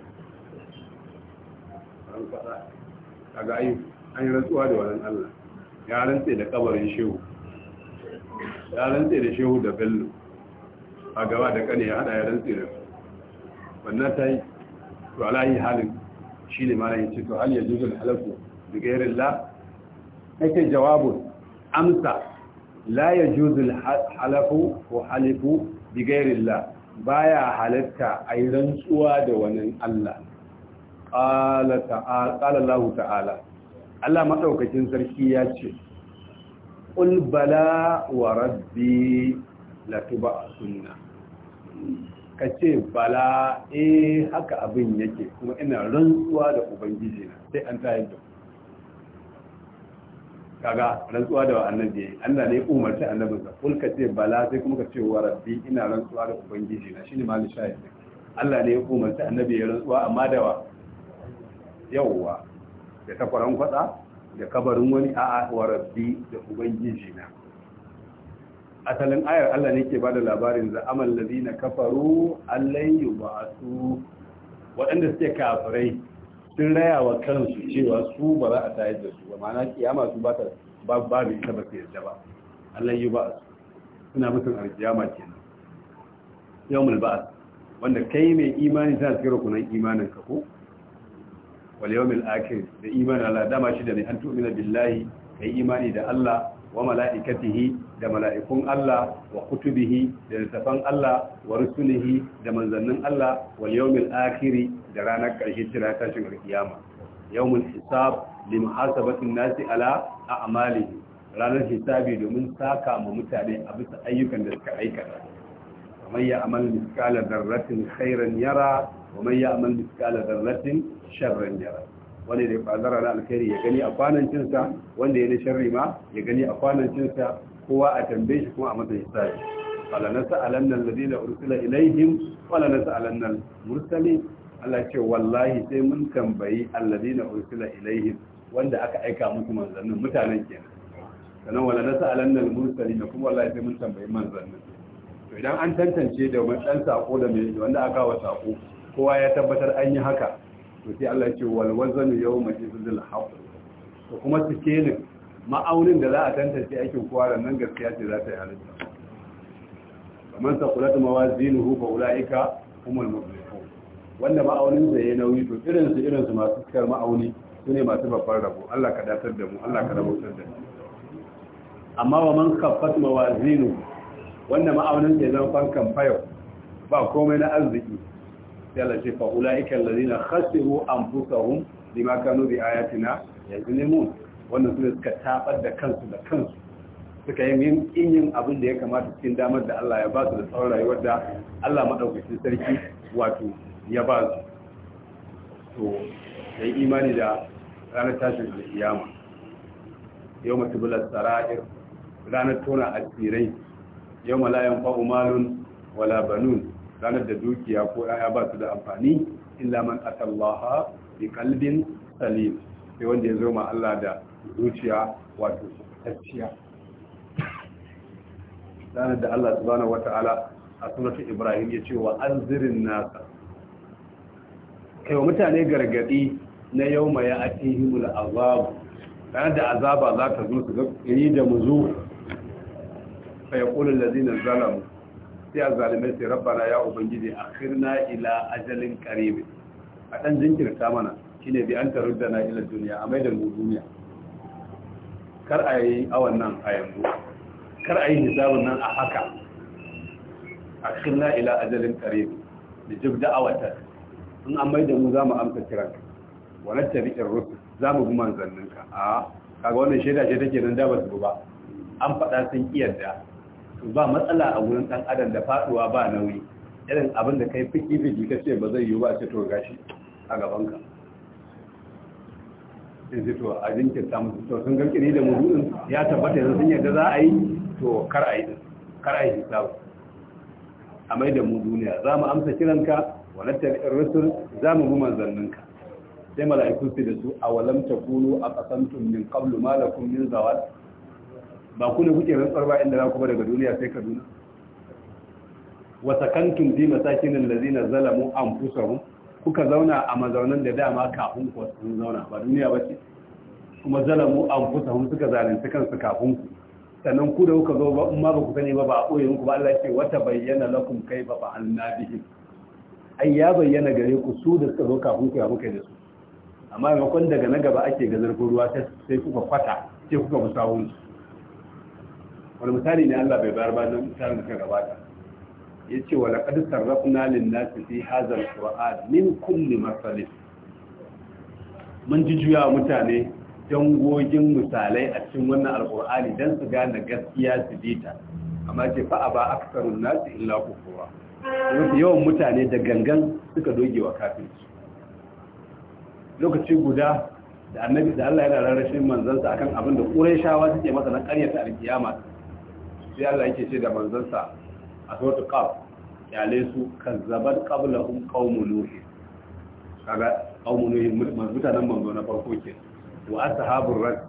kaga an yi rantsuwa da wannan allah ya rantse da kabarin shehu ya rantse da shehu da bello a gaba da kane ya hada ya rantse da wannan ta yi to alayi halin shi ne mana yace to hal yajuzul halaku bi ghairillah Ake jawabun amsa la ya juzul halaku ko halifu bi ghairillah baya halatta a yi rantsuwa da wani Allah ƙala Allah ta'ala Allah maɗaukacin sarki ya ce ƙulbala wa rabbi latuba sunna ka ce bala eh haka abin yake kuma ina rantsuwa da ubangiji na sai an tayar da ku kaga rantsuwa da annabi Allah ne ya umarci annabi sa kul ka ce bala sai kuma ka ce wa rabbi ina rantsuwa da ubangiji na shine malin shahid Allah ne ya umarci annabi ya rantsuwa amma da wa yawwa da takwaran kwada da kabarin wani a'a wa rabbi da ubangiji na asalin ayar Allah ne ke bada labarin za amal ladina kafaru allan yub'asu waɗanda suke kafirai sun raya wa kansu cewa su ba za a tayar da su ba ma'ana kiyama su ba ta ba ba bai taba su ba Allah yi ba suna mutum a nan Yau yawmul ba'ath wanda kai mai imani ta tsira kuna imanin ka ko wal yawmil akhir da imanin Allah dama shi da ne an tu'mina billahi kai imani da Allah wa mala'ikatihi da mala'ikun Allah wa kutubihi da littafan Allah wa rusulihi da manzannin Allah wa yawmin akhiri da ranar ƙarshe tira tashin alkiyama yawmul hisab li muhasabatin nasi ala a'malihi ranar hisabi domin saka ma mutane a bisa ayyukan da suka aikata kamar ya amal miskala darratin khairan yara wa man ya amal miskala darratin sharran yara wanda da fadara na alkhairi ya gani a kwanan cinsa wanda ya na sharri ma ya gani a kwanan cinsa kowa a tambaye shi kuma a masa hisabi wala nas'alanna alladhina ursila ilaihim wala nas'alanna al Mursali? Allah ce wallahi sai mun tambayi alladhina ursila ilaihim wanda aka aika musu manzannin mutanen kenan sanan wala nas'alanna Mursali mursalin kuma wallahi sai mun tambayi manzannin to idan an tantance da wani dan sako da mai wanda aka wa sako kowa ya tabbatar an yi haka to sai Allah ya ce wal wazanu yawma izil haqq to kuma ne ma'aunin da za a tantance aikin kowa nan gaskiya ce za ta yi halitta kamar kulatu mawazinuhu fa ulaika humul muflihun wanda ma'aunin sa yi nauyi to irin su irin su masu cikar ma'auni sune masu babbar rabo Allah ka datar da mu Allah ka rabautar da mu amma wa man khaffat mawazinuhu wanda ma'aunin sa ya zama kan fayo ba komai na arziki sai Allah ce fa ulaika allazina khasiru anfusahum bima kanu bi ayatina yazlimun wannan su suka tabar da kansu da kansu suka yi yin yin abin da ya kamata cikin damar da Allah ya ba su da tsawon rayuwar da Allah madaukakin sarki wato ya ba su to yi imani da ranar tashin alkiyama yau matubular sara'ir ranar tona asirai yau malayan fa'umalun wala banun ranar da dukiya ko ya ba su da amfani illa man atallaha bi kalbin salim sai wanda ya zo ma Allah da zuciya wato tacciya ranar da Allah subhanahu wataala a suratul ibrahim ya ce wa anzirin nasa kai wa mutane gargadi na yawma ya atihimul azab? ranar da azaba za ta zo su ga iri da muzu fa yaqulu allazina zalamu sai a zalimai sai rabbana ya ubangiji akhirna ila ajalin qarib a dan jinkirta mana shine bi an taruddana ila duniya a maida mu duniya kar a yi awan nan a yanzu kar a yi hisabun nan a haka akhirna ila ajalin qarib da jib da'awata in an maida mu zamu amsa kiran wa nattabi'ir rusul zamu bi manzanninka a kaga wannan shaida ce take nan da ba su ba an faɗa sun iyadda to ba matsala a wurin ɗan adam da faɗuwa ba nauyi irin abin da kai fiki fiki ka ce ba zai yi ba a ce to gashi a gabanka in ji to a jinkirta musu to sun gankiri da mudu'in ya tabbata yanzu sun yadda za a yi to kar a yi din kar a yi hisabu a mai da mu duniya za mu amsa kiranka wa nattar za mu bi manzanninka sai mala'iku su da su a walamta takunu a kasantun min qablu ma min zawal ba ku ne kuke rantsar ba inda za ku daga duniya sai kaduna wata kantun bi masakinin lazina zalamu an fusarun kuka zauna a mazaunan da dama kafin ku sun zauna ba duniya ba ce kuma zalamu an fusarun suka zalunci kansu kafin ku sannan ku da kuka zo ba in ma ba ku sani ba ba a ɓoye muku ba Allah ce wata bayyana lakum kai ba ba annabihim ai ya bayyana gare ku su da suka zo kafin ku ya muka da su amma maimakon daga na gaba ake ga zarfin ruwa sai kuka kwata sai kuka musawunsu wani misali ne Allah bai bayar ba na misalin da ka gabata ya ce wa laƙadu sarrafna lin nasi fi hazal qur'an min kulli masalin mun ji juya mutane dangogin misalai a cikin wannan alqur'ani dan su gane gaskiya su dita amma ce fa aba aktharun nasi illa kufura mafi yawan mutane da gangan suka doge wa kafirci lokaci guda da annabi da Allah yana rarrashin manzansa akan abin da ƙurai shawa suke masa na ƙaryata alkiyama sai Allah yake ce da manzansa a sautu qaf yale su kazzabat qablahum qaumun nuh kaga qaumun Nuhi mutanen manzo na farko ke wa ashabur rad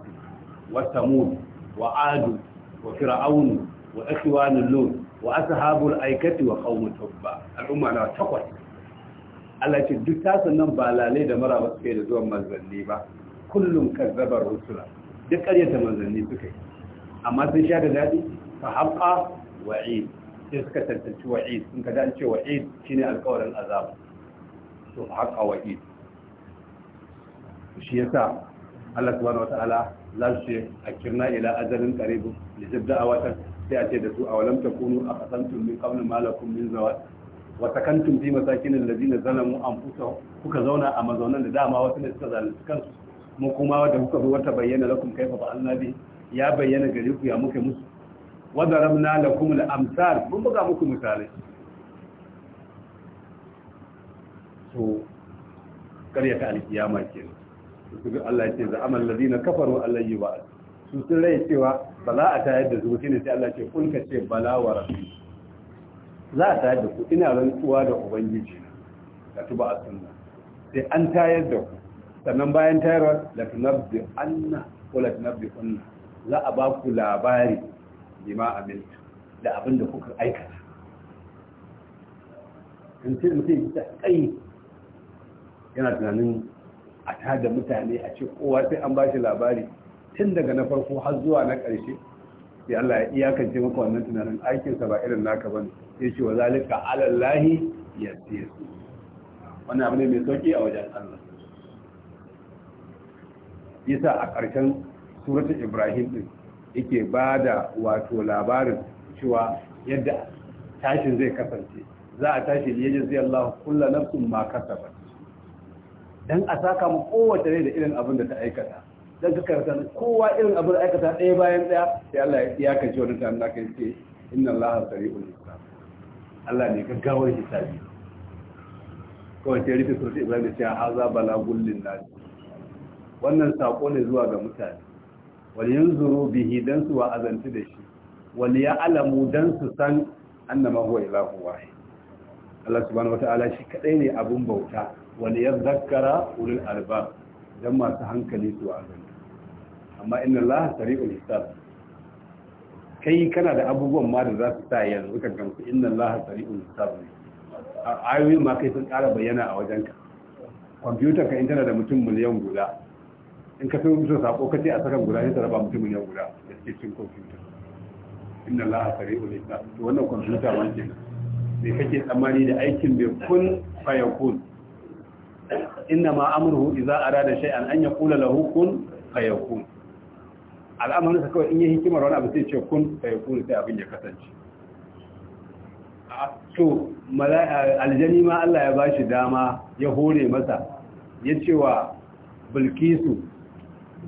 wa samud wa adu wa fir'aun wa ikhwanul lut wa ashabul aikati wa qaumut tubba al'umma na takwas Allah ce duk tasan nan ba lalai da mara ba suke da zuwan manzanni ba kullum kazzabar rusula duk ƙaryata manzanni suka yi amma sun sha da daɗi fahaqqa wa'id sai suka tantance wa'id sun kaga an ce wa'id shine alƙawarin azab to fahaqqa wa'id shi yasa Allah subhanahu wata'ala za su ce a kirna ila ajalin qarib li jabda awatan sai a ce da su a awalam takunu aqasantum min qabl ma lakum min zawat wa sakantum fi masakin alladhina zalamu anfusahum kuka zauna a mazaunan da dama wasu ne suka zalunci kansu mu kuma da kuka zo wata bayyana lakum kaifa fa'alna bi ya bayyana gare ku ya muke musu na da وضربنا لكم الأمثال من بقى مكم مثالي so ta alkiyama ke su Allah ce za amal ladina kafaru Allah yi ba su sun rai cewa ba za a tayar da zuwa shine sai Allah ce kun ka ce bala wa rabbi za a tayar da ku ina rantsuwa da ubangiji na ka tuba a sunna sai an tayar da ku sannan bayan tayarwa la tunabbi anna ko la tunabbi kunna za a ba ku labari bima amiltu da abin da kuka aikata in sai mutum ya kai yana tunanin a tada mutane a ce kowa sai an bashi labari tun daga na farko har zuwa na ƙarshe sai Allah ya iyakance maka wannan tunanin aikinsa ba irin naka bane sai ce wa zalika alallahi yasir wannan abu ne mai sauki a wajen Allah yasa a ƙarshen suratul Ibrahim din yake ba da wato labarin cewa yadda tashin zai kasance za a tashi liye zai Allah kulla nafsin ma kasaba dan a saka mu kowace rai da irin abin da ta aikata dan ka karanta kowa irin abin da aikata ɗaya bayan ɗaya sai Allah ya kace wani ta Allah kai ce inna Allah sari'ul hisab Allah ne gaggawar hisabi kawai sai rufe surat Ibrahim da cewa haza balagul lin nas wannan sako ne zuwa ga mutane wal yanzuru bihi dan su wa'azantu da shi wal alamu dan su san annama huwa ilahu wahid Allah subhanahu wata'ala shi kadai ne abun bauta wal yadhakkara ulul albab dan masu hankali su wa'azantu amma inna Allah sari'ul hisab kai kana da abubuwan ma da za su sa yanzu kan gamsu inna Allah sari'ul hisab ne ayoyin ma kai sun ƙara bayyana a wajenka kwamfutar ka intanet da mutum miliyan guda in ka sayo mutum sako kace a sakan guda sai ta raba mutum miliyan guda da suke cin kwamfuta inna laha sari'ul hisab to wannan kwamfuta ma kenan me kake tsammani da aikin bai kun fayakun inna ma amruhu idza arada shay'an an yaqula lahu kun fayakun al'amarin sa kawai in yi hikimar wani abu sai ce kun fayakun sai abin ya kasance to aljani ma Allah ya bashi dama ya hore masa ya cewa bilkisu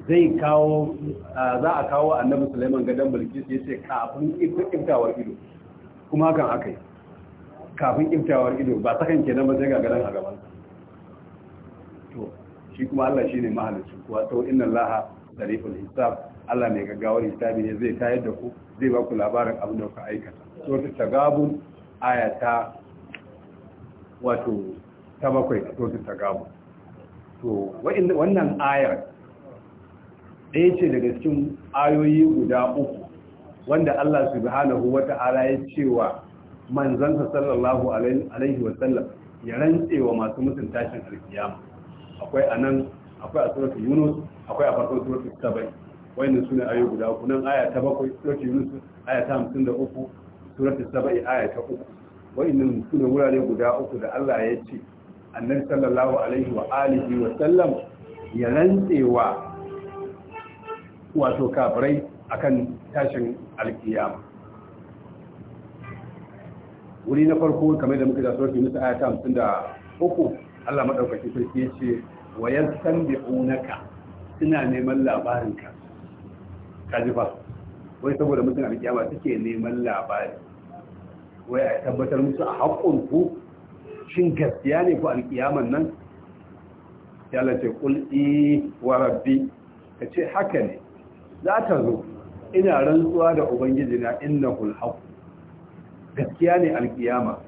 zai kawo za a kawo annabi Sulaiman gadon Bilkis ya ce kafin iftawar ido kuma kan aka yi kafin iftawar ido ba sakan kenan ba sai ga gadon a gaban to shi kuma Allah shine mahalicin kuwa to inna allah zariful hisab Allah mai gaggawar hisabi ne zai tayar da ku zai ba ku labarin abin da ku aikata ta tagabun ta wato ta bakwai ta tagabun to wannan ayar ɗaya ce daga cikin ayoyi guda uku wanda Allah subhanahu ta'ala ya cewa manzansa sallallahu alaihi wa sallam, ya rantse wa masu mutum tashin alkiyama akwai anan akwai a suratul yunus akwai a farkon suratul sabai wayannan sune ayoyi guda uku nan aya ta bakwai suratul yunus aya ta hamsin da uku suratul sabai aya ta uku wayannan sune wurare guda uku da Allah ya ce annabi sallallahu alaihi wa alihi wa sallam ya rantse wa. wato kafirai akan tashin alkiyama wuri na farko kamar da muka da sauran yunusa aya ta hamsin da uku allah maɗaukaki sarki ya ce wa yasan bi unaka suna neman labarinka ka ba wai saboda mutum alkiyama suke neman labari wai a tabbatar musu a haƙƙun ku shin gaskiya ne ku alkiyaman nan ya lace kul i wa rabbi ka ce haka ne za ta zo ina rantsuwa da ubangiji na innahul haqq gaskiya ne alkiyama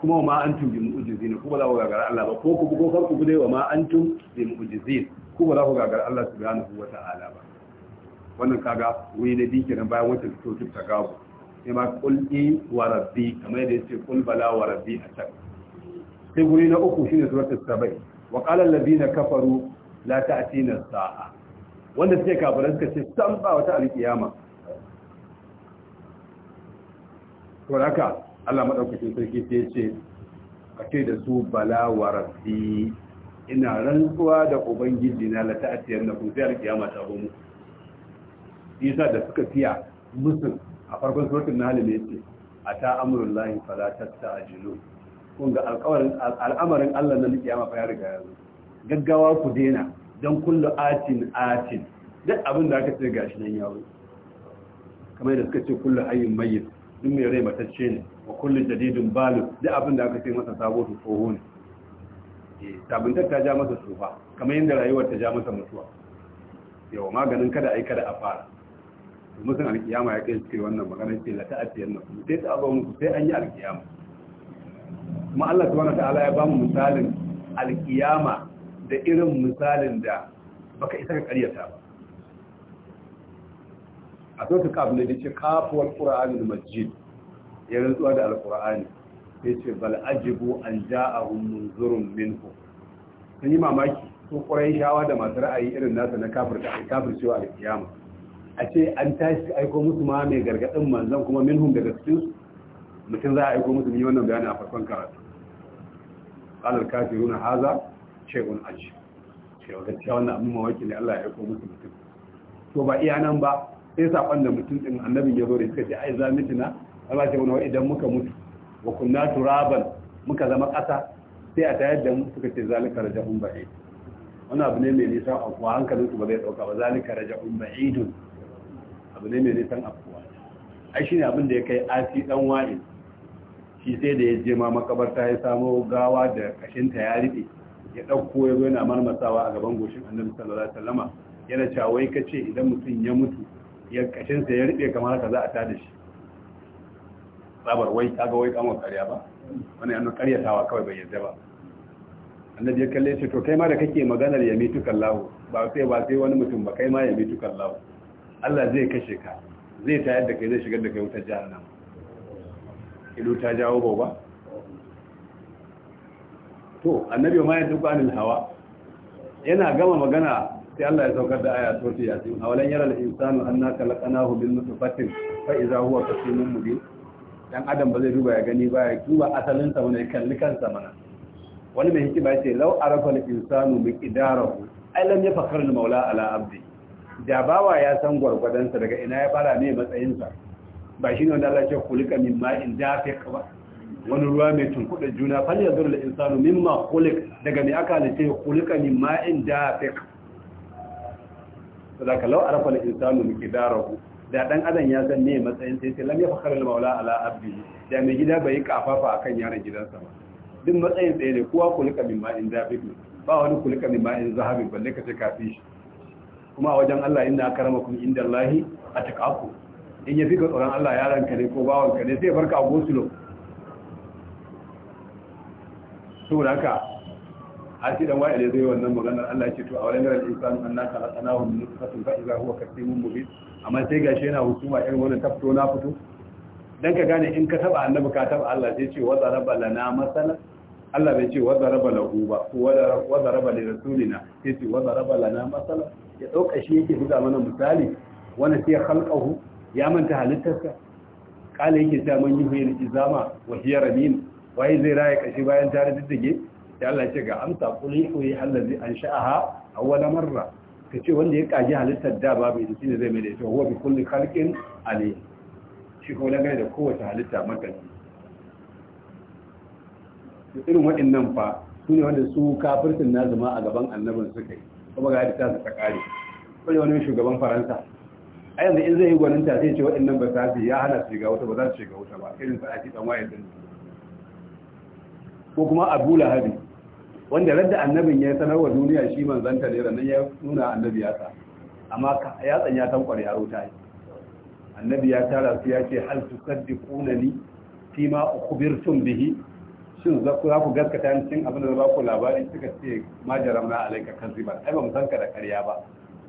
kuma ma antum bi mu'jizin ku ba za ku gagara Allah ba ko ku ko kar ku wa ma antum bi mu'jizin ku ba za ku gagara Allah subhanahu wa ta'ala ba wannan kaga wai na bi kenan bayan wata tututun ta gawo sai ma kul i wa rabbi kamar yadda yake kul bala wa rabbi a can sai guri na uku shine suratul sabai wa qala alladhina kafaru la ta'tina sa'a wanda suke kafirai suka ce san ba wata alkiyama to haka Allah madaukakin sarki sai ya ce a da su bala wa rabbi ina rantsuwa da ubangiji na la ta'atiyar na kun sai alkiyama ta gomu isa da suka fiya musu a farkon suratul nahl ne yace ata amrullahi fala tastajilu kun ga alƙawarin al'amarin Allah na alkiyama fa ya riga ya zo gaggawa ku dena don kullu atin atin duk abin da aka ce gashi nan yawo kamar da suka ce kullu ayyun mayyit duk mai rai matacce ne wa kullu jadidun balu duk abin da aka ce masa sabo su tsoho ne eh, sabuntar ta ja masa tsufa kamar yadda rayuwar ta ja masa mutuwa yawa maganin kada aika da kada a fara alkiyama ya kai suke wannan maganar ce la ta'atiyar na kuma sai ta abawun ku sai an yi alkiyama kuma Allah subhanahu wa ta'ala ya bamu misalin alkiyama da irin misalin da baka isa ka karyata ba a ka kafin da ce kafuwar da masjid ya rantsuwa da alqur'ani ya ce ajibu an ja'ahum munzurun minhu sun yi mamaki ko ƙwarai shawa da masu ra'ayi irin nasa na kafir cewa a a ce an tashi aiko musu ma mai gargadin manzan kuma minhum daga cikin mutum za a aiko musu yi wannan bayani a farkon karatu ƙalar kafiruna haza shay'un aji cewa wannan abin mawaki ne Allah ya aiko musu mutum to ba iya nan ba sai saban da mutum din annabi ya zo da suka ce ai za mitina Allah ce wani idan muka mutu wa kunna turaban muka zama ƙasa sai a tayar da mu suka ce zalika raja'un ba'id wannan abu ne mai a kuwa hankalin su ba zai dauka ba zalika raja'un ba'idun abu ne mai nisan afuwa ai shine abin da ya kai asi dan wa'in shi sai da ya je ma makabarta ya samo gawa da kashin ta ya rufe ya ɗauko ya zo yana marmasawa a gaban goshin annabi sallallahu alaihi wasallama yana cewa wai kace idan mutum ya mutu ya kashin sa ya rube kamar haka za a tada shi sabar wai kaga wai kamar ƙarya ba wani annu tawa kawai bai yarda ba annabi ya kalle shi to kai ma da kake maganar ya mitu kallahu ba sai ba sai wani mutum ba kai ma ya mitu kallahu Allah zai kashe ka zai tayar da kai zai shigar da kai wutar jahannama ido ta jawo ba to annabi ma ya duka anil hawa yana gama magana sai Allah ya saukar da aya to ya ce awalan yara al-insanu anna khalaqnahu bil nutfatin fa idza huwa qasimun mubin dan adam ba zai duba ya gani ba ya duba asalin sa ne kalli kansa mana wani mai hikima ya ce law arafa al-insanu idarahu ai lam yafakkar al-maula ala abdi da bawa ya san gwargwadansa daga ina ya fara ne matsayinsa ba shi ne wanda Allah ya ce kulika min ma'in dafiq ba wani ruwa mai tunkuɗa juna falle zuru da insanu mimma kulik daga mai aka halitta kulika ne ma'in dafiq sadaka law arafa al insanu ku da dan adam ya zan ne matsayin sai sai lamya yafakhar al maula ala abdi da mai gida bai kafafa a kan yaran gidansa ba duk matsayin tsaye ne kowa kulika min ma'in ne. ba wani kulika min ma'in zahabi balle ka ce kafi shi kuma a wajen Allah inda lahi a atqakum in yafi ga tsoron Allah yaran ka ne ko bawanka ne sai barka a gosulo saboda haka a ce dan wa'ile zai wannan maganar Allah ce to a wani garin insanu anna khalaqnahu min nutfatin fa idza huwa kasimun mubin amma sai gashi yana hukuma irin wannan tafto na fito dan ka gane in ka taba annabi ka taba Allah sai ce wa zaraba lana masala Allah bai ce wa zaraba lahu ba ko wa zaraba li rasulina sai ce wa zaraba lana masala ya dauka shi yake buga mana misali wani sai khalqahu ya manta halittarsa kala yake ta man yuhi al-izama wa hiya ramin waye zai raya kashi bayan ta riddige da Allah ce ga amsa qul yuhyi allazi ansha'aha awwala marra kace wanda ya kaji halittar da babu ita shine zai mai da ita huwa bi kulli khalqin alim shi ko laga da kowace halitta makani irin waɗannan fa su ne wanda su kafirtin na zama a gaban annabin suka yi kuma ga hadita su ta kare kuma wani shugaban faransa a yanzu in zai yi gwaninta sai ce waɗannan ba sa ya hana shiga wuta ba za su shiga wuta ba irin sa a ci dan wayar din ko kuma abu lahabi wanda radda annabin ya sanar wa duniya shi manzanta ne ranar ya nuna annabi ya sa amma ya tsanya tankwar yaro ta yi annabi ya tara su ya ce hal su saddi kunani fi ma sun bihi shin za ku za ku gaskata ni cin abin da ba ku labari suka ce ma jaramna kan kaziba ai ba mu san ka da karya ba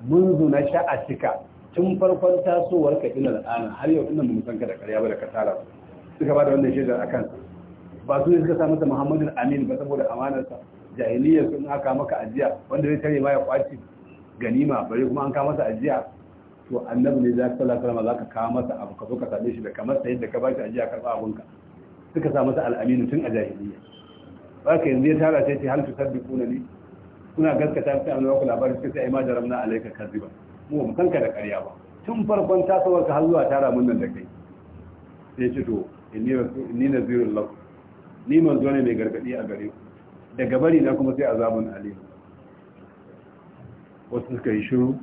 mun zuna sha'atika tun farkon tasowar ka ila al'ana har yau ina mu san ka da karya ba da ka tara suka ba da wannan shaidar akan ba su ne suka sa masa muhammadin amin ba saboda amanarsa jahiliya sun aka maka ajiya wanda zai tare ma ya kwaci ganima bare kuma an kama masa ajiya to annabi ne za ka sallallahu alaihi wasallam ka kawo masa abu ka zo ka same shi da kamar sa da ka ba shi ajiya karba ka suka sa masa al'aminu tun a jahiliya ka yanzu ya tara sai ce hal tusaddiquna ni kuna gaskata sai an ku labarin sai ai ma jaramna alayka kaziba mu mu kanka da ƙarya ba tun farkon tasowar ka har zuwa tara mun nan da kai sai ce to inni rasul inni nazirul lakum ni manzo ne mai gargadi a gare ku daga bari na kuma sai azabun alim wasu suka yi shiru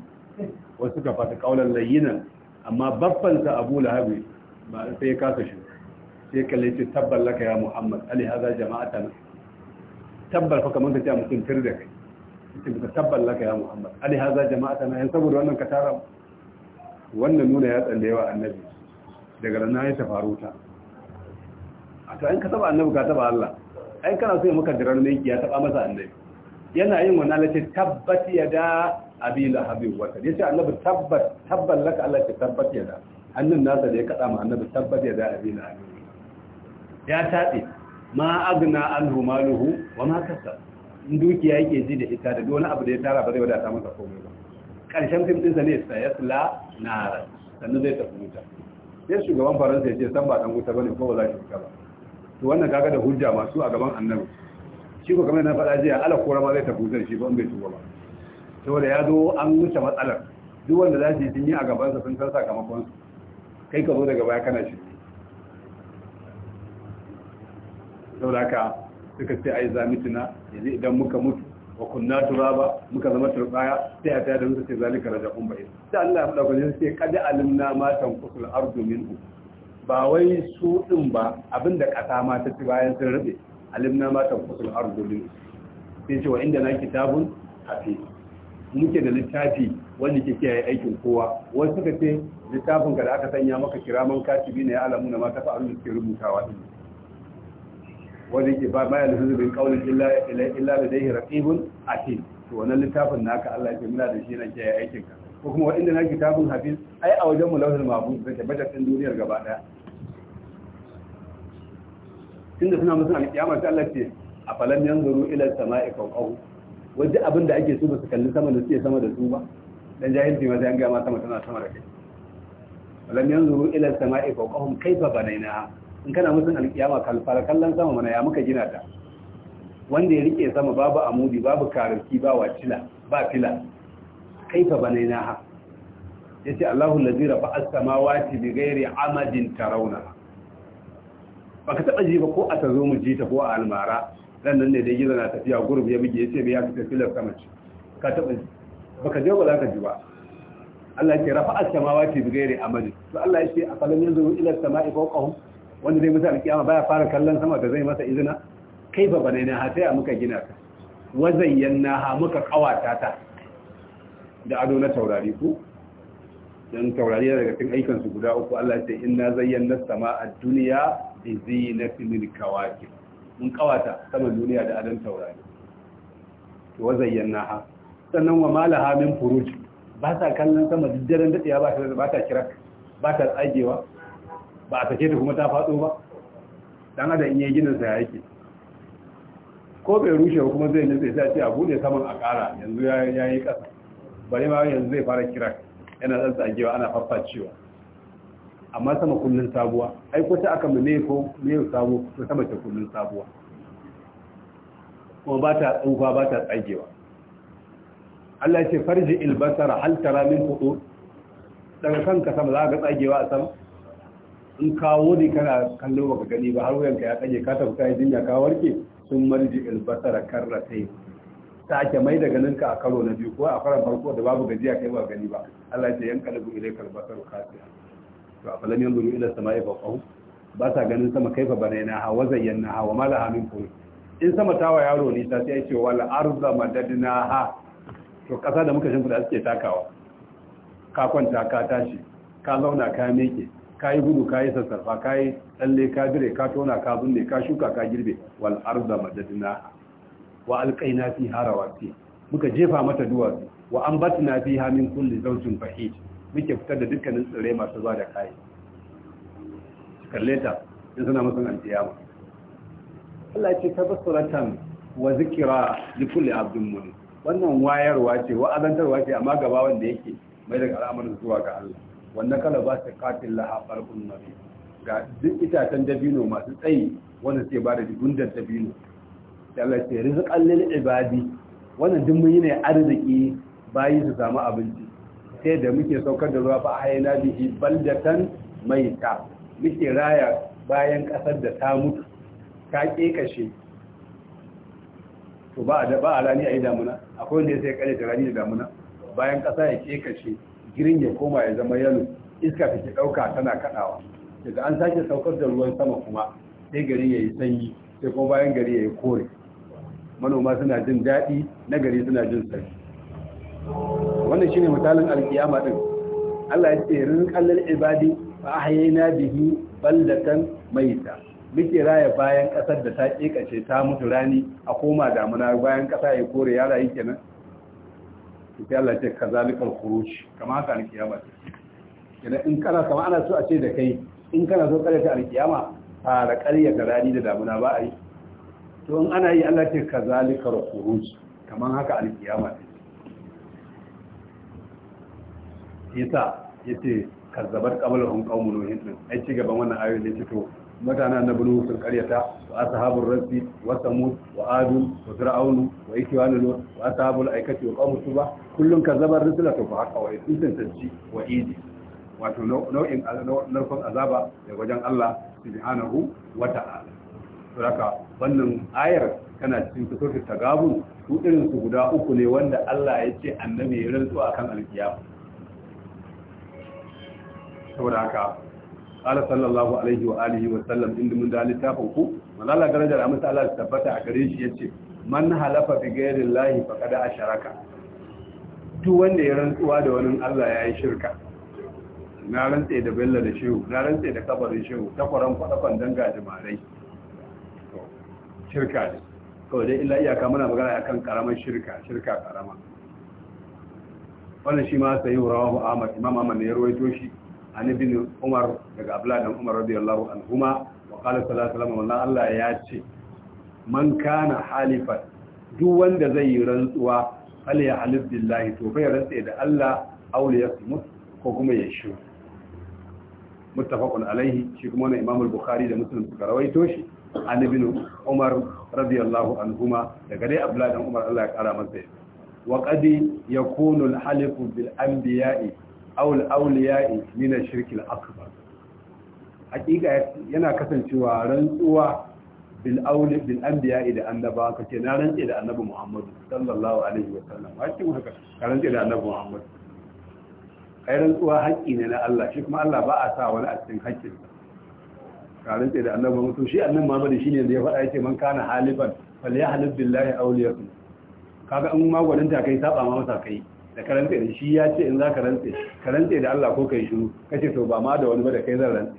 wasu suka fata kaulan layyinan amma sa abu lahabi ba sai ya kasa shi sai kalle ce tabbar laka ya muhammad ali haza jama'ata na tabbar fa kamar ka ce mutum tir da kai mutum ka tabbar laka ya muhammad ali haza jama'ata na yan saboda wannan ka tara wannan nuna ya tsalle wa annabi daga ranar ya tafaruta to in ka taba annabi ka taba Allah ai kana so ya maka dirar mai ya taba masa annabi yana yin wannan Allah ce ya da abi lahabin wata yace annabi tabbat tabban laka Allah ce tabbat da. hannun nasa da ya kada ma annabi tabbat da abila habi ya tabe ma agna anhu maluhu wa ma kasab dukiya yake ji da ita da wani abu da ya tara ba zai wadata masa komai ba karshen fim din ya ne sayasla nara sannan zai tafi wuta sai shugaban faransa ya ce san ba dan wuta bane ne ko ba za shi wuta ba to wannan kaga da hujja masu a gaban annabi shi ko kamar na faɗa jiya ala kora ma zai tafi zai shi ba in bai tuba ba saboda ya zo an wuce matsalar duk wanda za su yi a yi a sun san sakamakon su kai ka zo daga baya kana shi saboda ka suka ce ai zamituna yanzu idan muka mutu wa kunna turaba muka zama turbaya sai a ta da musu ce zalika rajakun ba'id sai Allah ya faɗa ko sai kada alimna ma tanqusul ardu minhu ba wai su din ba abinda ƙasa ma ta ci bayan sun rufe, alimna ma ta kusur arzulin sai ce wa inda na kitabun hafi muke da littafi wanda ke kiyaye aikin kowa wasu suka ce littafin ka da aka sanya maka kiraman katibi ne ya alamu na mata da suke rubutawa din wanda ke ba bayan huzubin zubin illa illa da da dai A atin to wannan littafin naka Allah ya muna da shi na kiyaye aikin ka ko kuma wa inda na kitabun hafiz ai a wajen mu lauhul da ke bada din duniyar gaba daya tunda suna musu alƙiyama ta Allah ce a falan yanzuru ila sama'i fawqahu wajen abin da ake so ba su kalli sama da suke sama da su ba dan jahilci ma sai ga ma sama tana sama da kai falan yanzuru ila sama'i fawqahum kaifa banaina in kana musu alƙiyama kalfar kallon sama mana ya muka gina ta wanda ya rike sama babu amudi babu kararki ba wacila ba fila kaifa ha yace Allahu allazi rafa as-samawati bighairi amadin tarawna baka taba ji ba ko a tazo mu ji ta ko a almara dan nan ne da gizo na tafiya gurbi ya miji yace me ya fita filar sama ce ka taba baka je ba zaka ji ba Allah yake rafa as-samawati bighairi amadin to Allah yake afalan yanzu ila as-sama'i fawqahum wanda zai musa alkiyama baya fara kallon sama da zai masa izina Kaifa banaina ha sai muka gina ka wazayyana ha muka kawata ta da ado na taurari ku don taurari yana daga cikin aikansu guda uku Allah ya ce inna zayyana sama a duniya bi zinatin min kawaki. mun kawata sama duniya da adon taurari to wa zayyana ha sannan wa malaha min furuj ba ta kallon sama daren dadiya ba ta ba ta kira ba ta tsagewa ba a sake ta kuma ta fado ba dan adam in yi ginin sa yake ko bai rushe kuma zai nutse sai a ce a bude saman a kara yanzu ya yi kasa bare ma yanzu zai fara kira yana zan tsagewa ana faffacewa amma sama kullun sabuwa ai ko ta aka mu ne ko ne sabo ko sama ta kullun sabuwa kuma ba ta tsufa ba ta tsagewa Allah ya ce farji ilbasara hal tara min fudu daga kanka sama za ka tsagewa a sama in kawo ne kana kallo baka gani ba har wayanka ya tsage ka tafi kai dinya ka warke sun marji albasara karratai sake mai da ganinka a karo na biyu ko a karon farko da babu gajiya kai ba gani ba Allah ya ce yan kalbu ilaikal basar khasiya to a falan yanzu ila sama'i faqahu ba sa ganin sama fa bane na hawa zayyana na hawa mala min ko in sama tawa yaro ne ta sai ce wal arza madadna ha to kasa da muka shimfida suke takawa ka kwanta ka tashi ka zauna ka meke ka yi gudu ka yi sassarfa ka yi tsalle ka dire ka tona ka bunne ka shuka ka girbe wal arza madadna wa alƙaina fi harawati muka jefa mata duwatsu wa an ambatna fiha min kulli zawjin fahi muke fitar da dukkanin tsirrai masu zuwa da kai kalle ta in suna musun alƙiyama Allah ya tabassuratan wa zikira li kulli abdin mun wannan wayarwa ce wa azantarwa ce amma gaba wanda yake mai daga al'amarin zuwa ga Allah wannan kala ba ta katil laha farqun nabi ga duk itatan dabino masu tsayi wanda suke ba da gundar dabino da Allah ce rizqan lil ibadi wannan duk mun yi ne arziki bayi su samu abinci sai da muke saukar da ruwa fa hayna bihi baldatan maita muke raya bayan kasar da ta mutu ta kekashe to ba da ba alani ayi damuna akwai wanda sai kare da rani da damuna bayan kasa ya kekashe girin ya koma ya zama yalo iska take dauka tana kadawa daga an sake saukar da ruwan sama kuma sai gari yayi sanyi sai kuma bayan gari yayi kore manoma suna jin daɗi nagari suna jin sarki wannan shine misalin alkiyama din Allah ya ce rizqan lil ibadi fa ahyayna bihi baldatan maita muke raya bayan kasar da ta kekace ta mutu rani a koma damuna bayan kasa ya kore yara yi kenan sai Allah ce kazalikal khuruj kama haka alkiyama kenan in kana kama ana so a ce da kai in kana so kare ta alkiyama fara ƙarya da rani da damuna ba a yi to in ana yi Allah ce ka zalika rafuruj Kamar haka alkiyama ta ce yasa yace hun qablahum qaumun hin din ai ci gaban wannan ne yace to mutanen na bulu sun karyata wa ashabul rasi wa samud wa adu wa fir'aun wa ikwanu wa ashabul aikati wa qawmu suba kullun kazzabar rusula to ba haka wai sun tantance wa idi wato nau'in narkon azaba da wajen Allah subhanahu wa ta'ala to haka wannan ayar kana cikin kusurfi ta gabu su irin su guda uku ne wanda Allah ya ce annabi ya rantsu a kan alkiyama saboda haka ala sallallahu alaihi wa alihi wa sallam inda mun da littafin ku malala garajar amsa Allah ta tabbata a gare shi yace man halafa bi ghairi llahi faqad asharaka duk wanda ya rantsuwa da wani Allah ya yi shirka na rantse da bella da shehu na rantse da kabarin shehu ta kwaran fadakon danga marai. shirka ne kawai dai illa iyaka muna magana kan karamar shirka shirka karama wannan shi ma sai rawahu Ahmad Imam Ahmad ne ya rawaito shi an ibn Umar daga Abdullah Dan Umar radiyallahu anhuma wa qala sallallahu alaihi wasallam wallahi Allah ya ce man kana halifan duk wanda zai yi rantsuwa hal ya halif billahi to fa ya rantsa da Allah aw ya yasmut ko kuma ya shiru muttafaqun alaihi shi kuma wannan Imam al-Bukhari da Muslim suka rawaito shi an ibn umar radiyallahu anhuma daga dai abdullahi dan umar Allah ya kara masa wa qad yakunu al-halifu bil anbiya'i aw al-awliya'i min ash-shirk al-akbar hakika yana kasancewa rantsuwa bil awli bil anbiya'i da annaba kake na rantsa da annabi Muhammad sallallahu alaihi wa sallam hakin haka ka rantsa da annabi Muhammad kai rantsuwa haƙƙi ne na Allah shi kuma Allah ba a sa wani a cikin haƙƙinsa karin ce da annabi Muhammad shi annabi Muhammad shine da ya faɗa yake man kana halifan fal yahlib billahi aw liyakun kaga in magwanin ta kai saba ma masa kai da karanta da shi ya ce in za ka rantse karanta da Allah ko kai shiru kace to ba ma da wani ba da kai zan rantse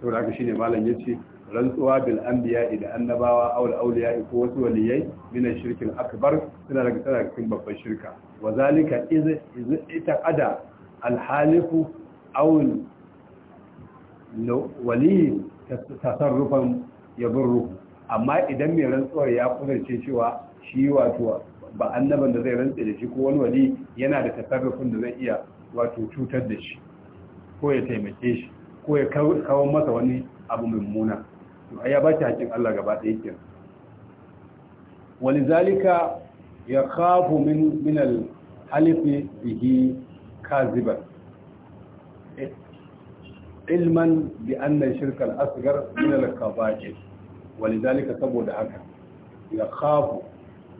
to da haka shine malam yace rantsuwa bil anbiya da annabawa aw awliya ko wasu waliyai min ash-shirk akbar suna daga tsara cikin babban shirka wazalika iz iz ita ada al halifu aw wali tasarrufan ya bin ruhu, amma idan mai rantsuwar ya kudurce cewa shi wato ba annaban da zai rantse da shi ko wani wali yana da tasarrufin da zai iya wato cutar da shi ko ya taimake shi ko ya kawo masa wani abu mummuna to ya ba ta hakin Allah gaba ɗaya Wani walizalika ya khafu min min al halifi bihi kaziban ilman bi annan shirkal asgar min al-kaba'ir walidalika saboda haka ya khafu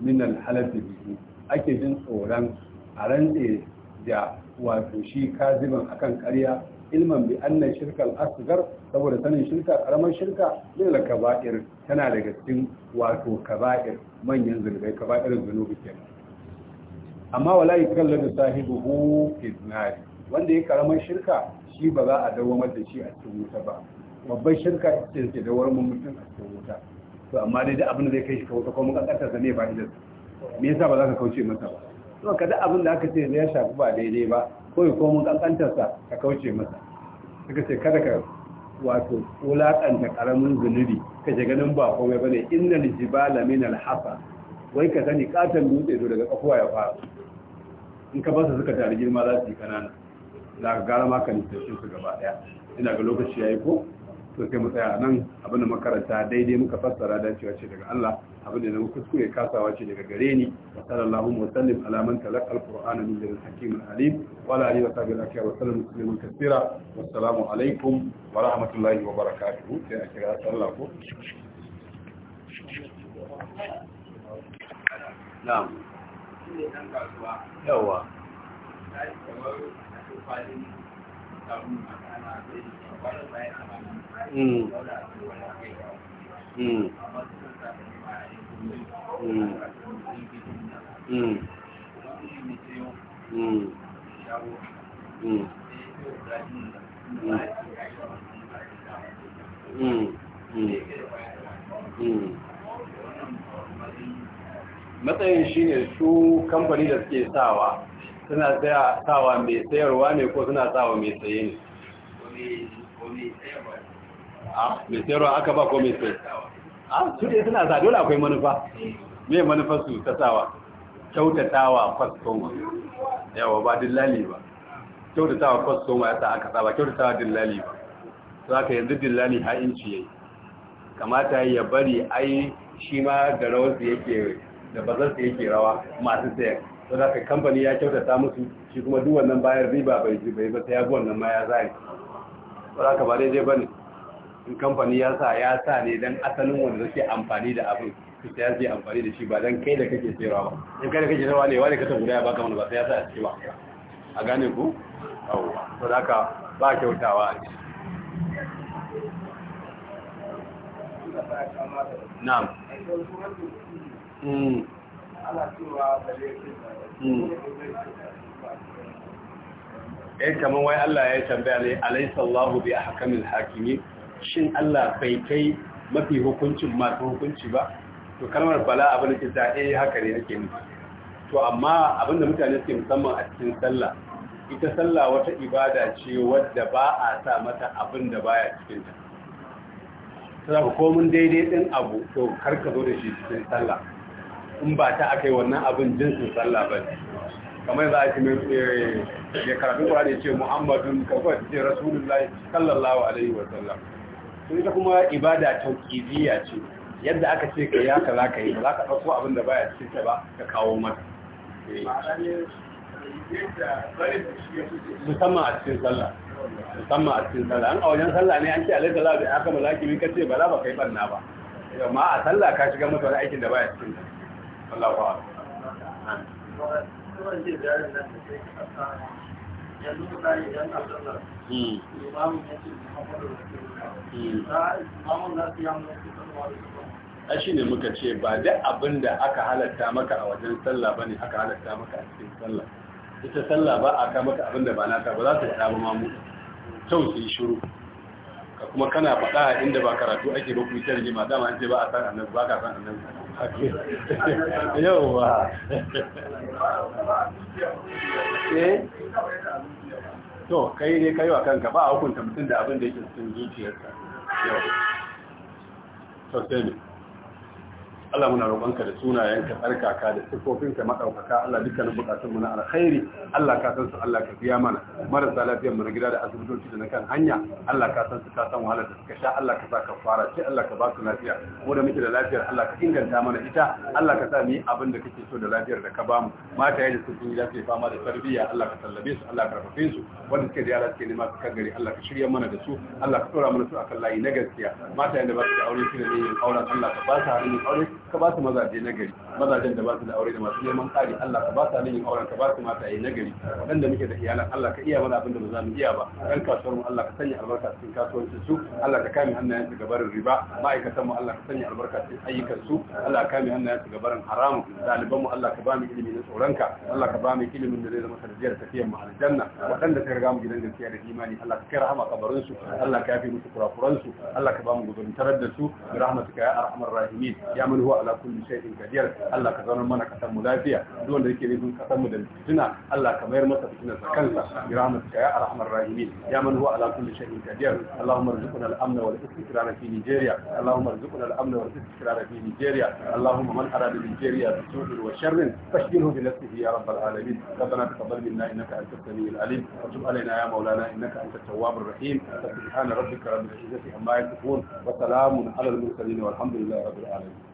min al-halaf bihi ake jin tsoron a rantse da wato shi kaziban akan ƙarya ilman bi annan shirkal asgar saboda sanin shirka karamar shirka min al-kaba'ir tana daga cikin wato kaba'ir manyan zunubai kaba'ir zunubi kenan amma wala yukallu sahibuhu fi nari wanda ya karamar shirka shi ba za a dawamar da shi a cikin wuta ba babban shirka ita ce da warmin mutum a cikin wuta to amma dai da abin da zai kai shi ka wuta kuma kasar da ne ba idan me yasa ba za ka kauce masa ba to kada abin da aka ce zai shafi ba daidai ba ko ya komun sa ka kauce masa suka ce kada ka wato wulaƙanta ƙaramin zunubi ka je ganin ba komai bane innal jibala min hafa wai ka sani katon dutse to daga kafuwa ya fara in ka su suka tare girma za su yi kanana da ka gara maka nisashe su gaba daya ina ga lokaci yayi ko to sai mu tsaya nan abinda makaranta daidai muka fassara dacewa ce daga Allah abinda na kuskure kasawa ce daga gare ni wa sallallahu wa sallim ala man talaqa alqur'ana min ladun hakim alim wa ala alihi wa sahbihi wa sallam muslimin katsira wa assalamu alaikum wa rahmatullahi wa barakatuh sai a kira sallah ko na'am yawa matsayin shi ne su kamfani da suke sawa suna tsawa mai sayarwa ne ko suna tsawa mai tsaye ne ah, mai sayarwa aka ba ko mai tsaye a ah, su ne suna sa dole akwai manufa mai manufa su ta sawa kyautatawa kwastoma yawa ba dillali ba kyautatawa kwastoma ya sa aka tsawa ba kyautatawa dillali ba su aka yanzu dillali ha inci yayi kamata ya bari ai shi ma da rawarsu yake da yake rawa masu sayar to za ka kamfani ya kyautata musu shi kuma duk wannan bayan riba bai ji bai ba sai ya nan ma ya zai to za ka ba dai-dai ba ne in kamfani ya sa ya sa ne don asalin wanda zai amfani da abin kusa ya zai amfani da shi ba don kai da kake sayarwa ba in kai da kake sayarwa ne wani ta guda ya baka wani ba sai ya sa a ciki ba a gane ku? yawon to ka ba kyautawa a ciki na'am hmm. Hmm. eh kamar wai Allah ya tambaya ne alaysa Allahu bi ahkamil hakimin shin Allah bai kai mafi hukuncin masu hukunci ba to kalmar bala abin da ta eh haka ne nake nufi to amma abin da mutane suke musamman a cikin sallah ita sallah wata ibada ce wadda ba a sa mata abin da baya cikin ta sai ko komun daidai din abu to kar ka zo da shi cikin sallah in ba ta aka yi wannan abin jinsin sallah ba kamar za a ci mai eh, karatun kura da ce muhammadun kawai ce rasulullahi sallallahu alaihi wa sallam sun ita kuma ibada tauƙidiyya ce yadda aka ce ka yi haka za ka yi ba za ka ɗauko abin da baya cikin ta ba ka kawo mata eh. musamman a cikin sallah musamman a cikin sallah an a wajen sallah ne an ce alaika za a aka malaki min ka ce ba za ba kai banna ba amma a sallah ka shiga mata wani aikin da baya cikin ta Allah a hmm. hmm. hmm. shi ne muka ce ba duk abin da aka halatta maka a wajen sallah ba ne aka halatta maka a cikin sallah ita sallah ba a maka abin da ba naka ba za ta yi ba mamu kyau su yi shuru kuma kana faɗa inda ba karatu ake ba kuma tarji ma dama an ce ba a san annabi ba ka san annabi yau ba eh? to kai ne kai wa kanka ba a hukunta mutum da abin da yake sun zuciyarsa yau to sai ne Allah muna roƙonka da sunayenka tsarkaka da sifofinka maɗaukaka. Allah dukkanin bukatun mu na alkhairi Allah ka san su Allah ka biya mana marasa lafiyar mu na gida da asibitoci da na kan hanya Allah ka san su ka san wahalar da suka sha Allah ka sa ka fara ce Allah ka ba su lafiya mu da muke da lafiyar Allah ka inganta mana ita Allah ka sa mu yi abin da kake so da lafiyar da ka ba mu mata yayin da sun yi lafiya fama da tarbiyya Allah ka tallabe su Allah ka rafafe su wanda suke da yara suke nema su kan gari Allah ka shirya mana da su Allah ka tsora mana su akan layi na gaskiya mata yayin da ba su da aure su ne yin auren Allah ka ba su harin aure ka ba su mazaje na gari mazajen da ba su da aure da masu neman tsari Allah ka ba su yin auren ka ba su mata yi na gari waɗanda muke da iyalan Allah ka iya mana abin da ba za mu iya ba ɗan kasuwar mu Allah ka sanya albarka cikin kasuwancin su Allah ka kame hannayen su gabarin riba ma'aikatan mu Allah ka sanya albarka cikin ayyukan su Allah ka kame hannayen su gabarin haramun ɗaliban mu Allah ka ba mu ilimi na tsoronka Allah ka ba mu ilimin da zai zama sanadiyar tafiyar mu aljanna waɗanda ka riga mu gidan gaskiya da imani Allah ka kai rahama kabarin su Allah ka yafe musu kurakuran su Allah ka ba mu gudun tarar da su bi rahmatuka ya arhamar rahimin ya man huwa wallahu ala kulli shay'in qadir Allah ka zauna mana kasan mu lafiya duk wanda yake nufin kasan mu da fitina Allah ka mayar masa fitinar sa kansa bi rahmatika ya arhamar rahimin ya man huwa ala kulli shay'in qadir Allahumma arzuqna al-amn wal istiqrar fi Nigeria Allahumma arzuqna al-amn wal istiqrar fi Nigeria Allahumma man arada Nigeria bi su'in wa sharrin fashghilhu bi nafsihi ya rabbal alamin ربنا تقبل منا انك انت السميع العليم وتب علينا يا مولانا انك انت التواب الرحيم سبحان ربك رب العزه عما يصفون وسلام على المرسلين والحمد لله رب العالمين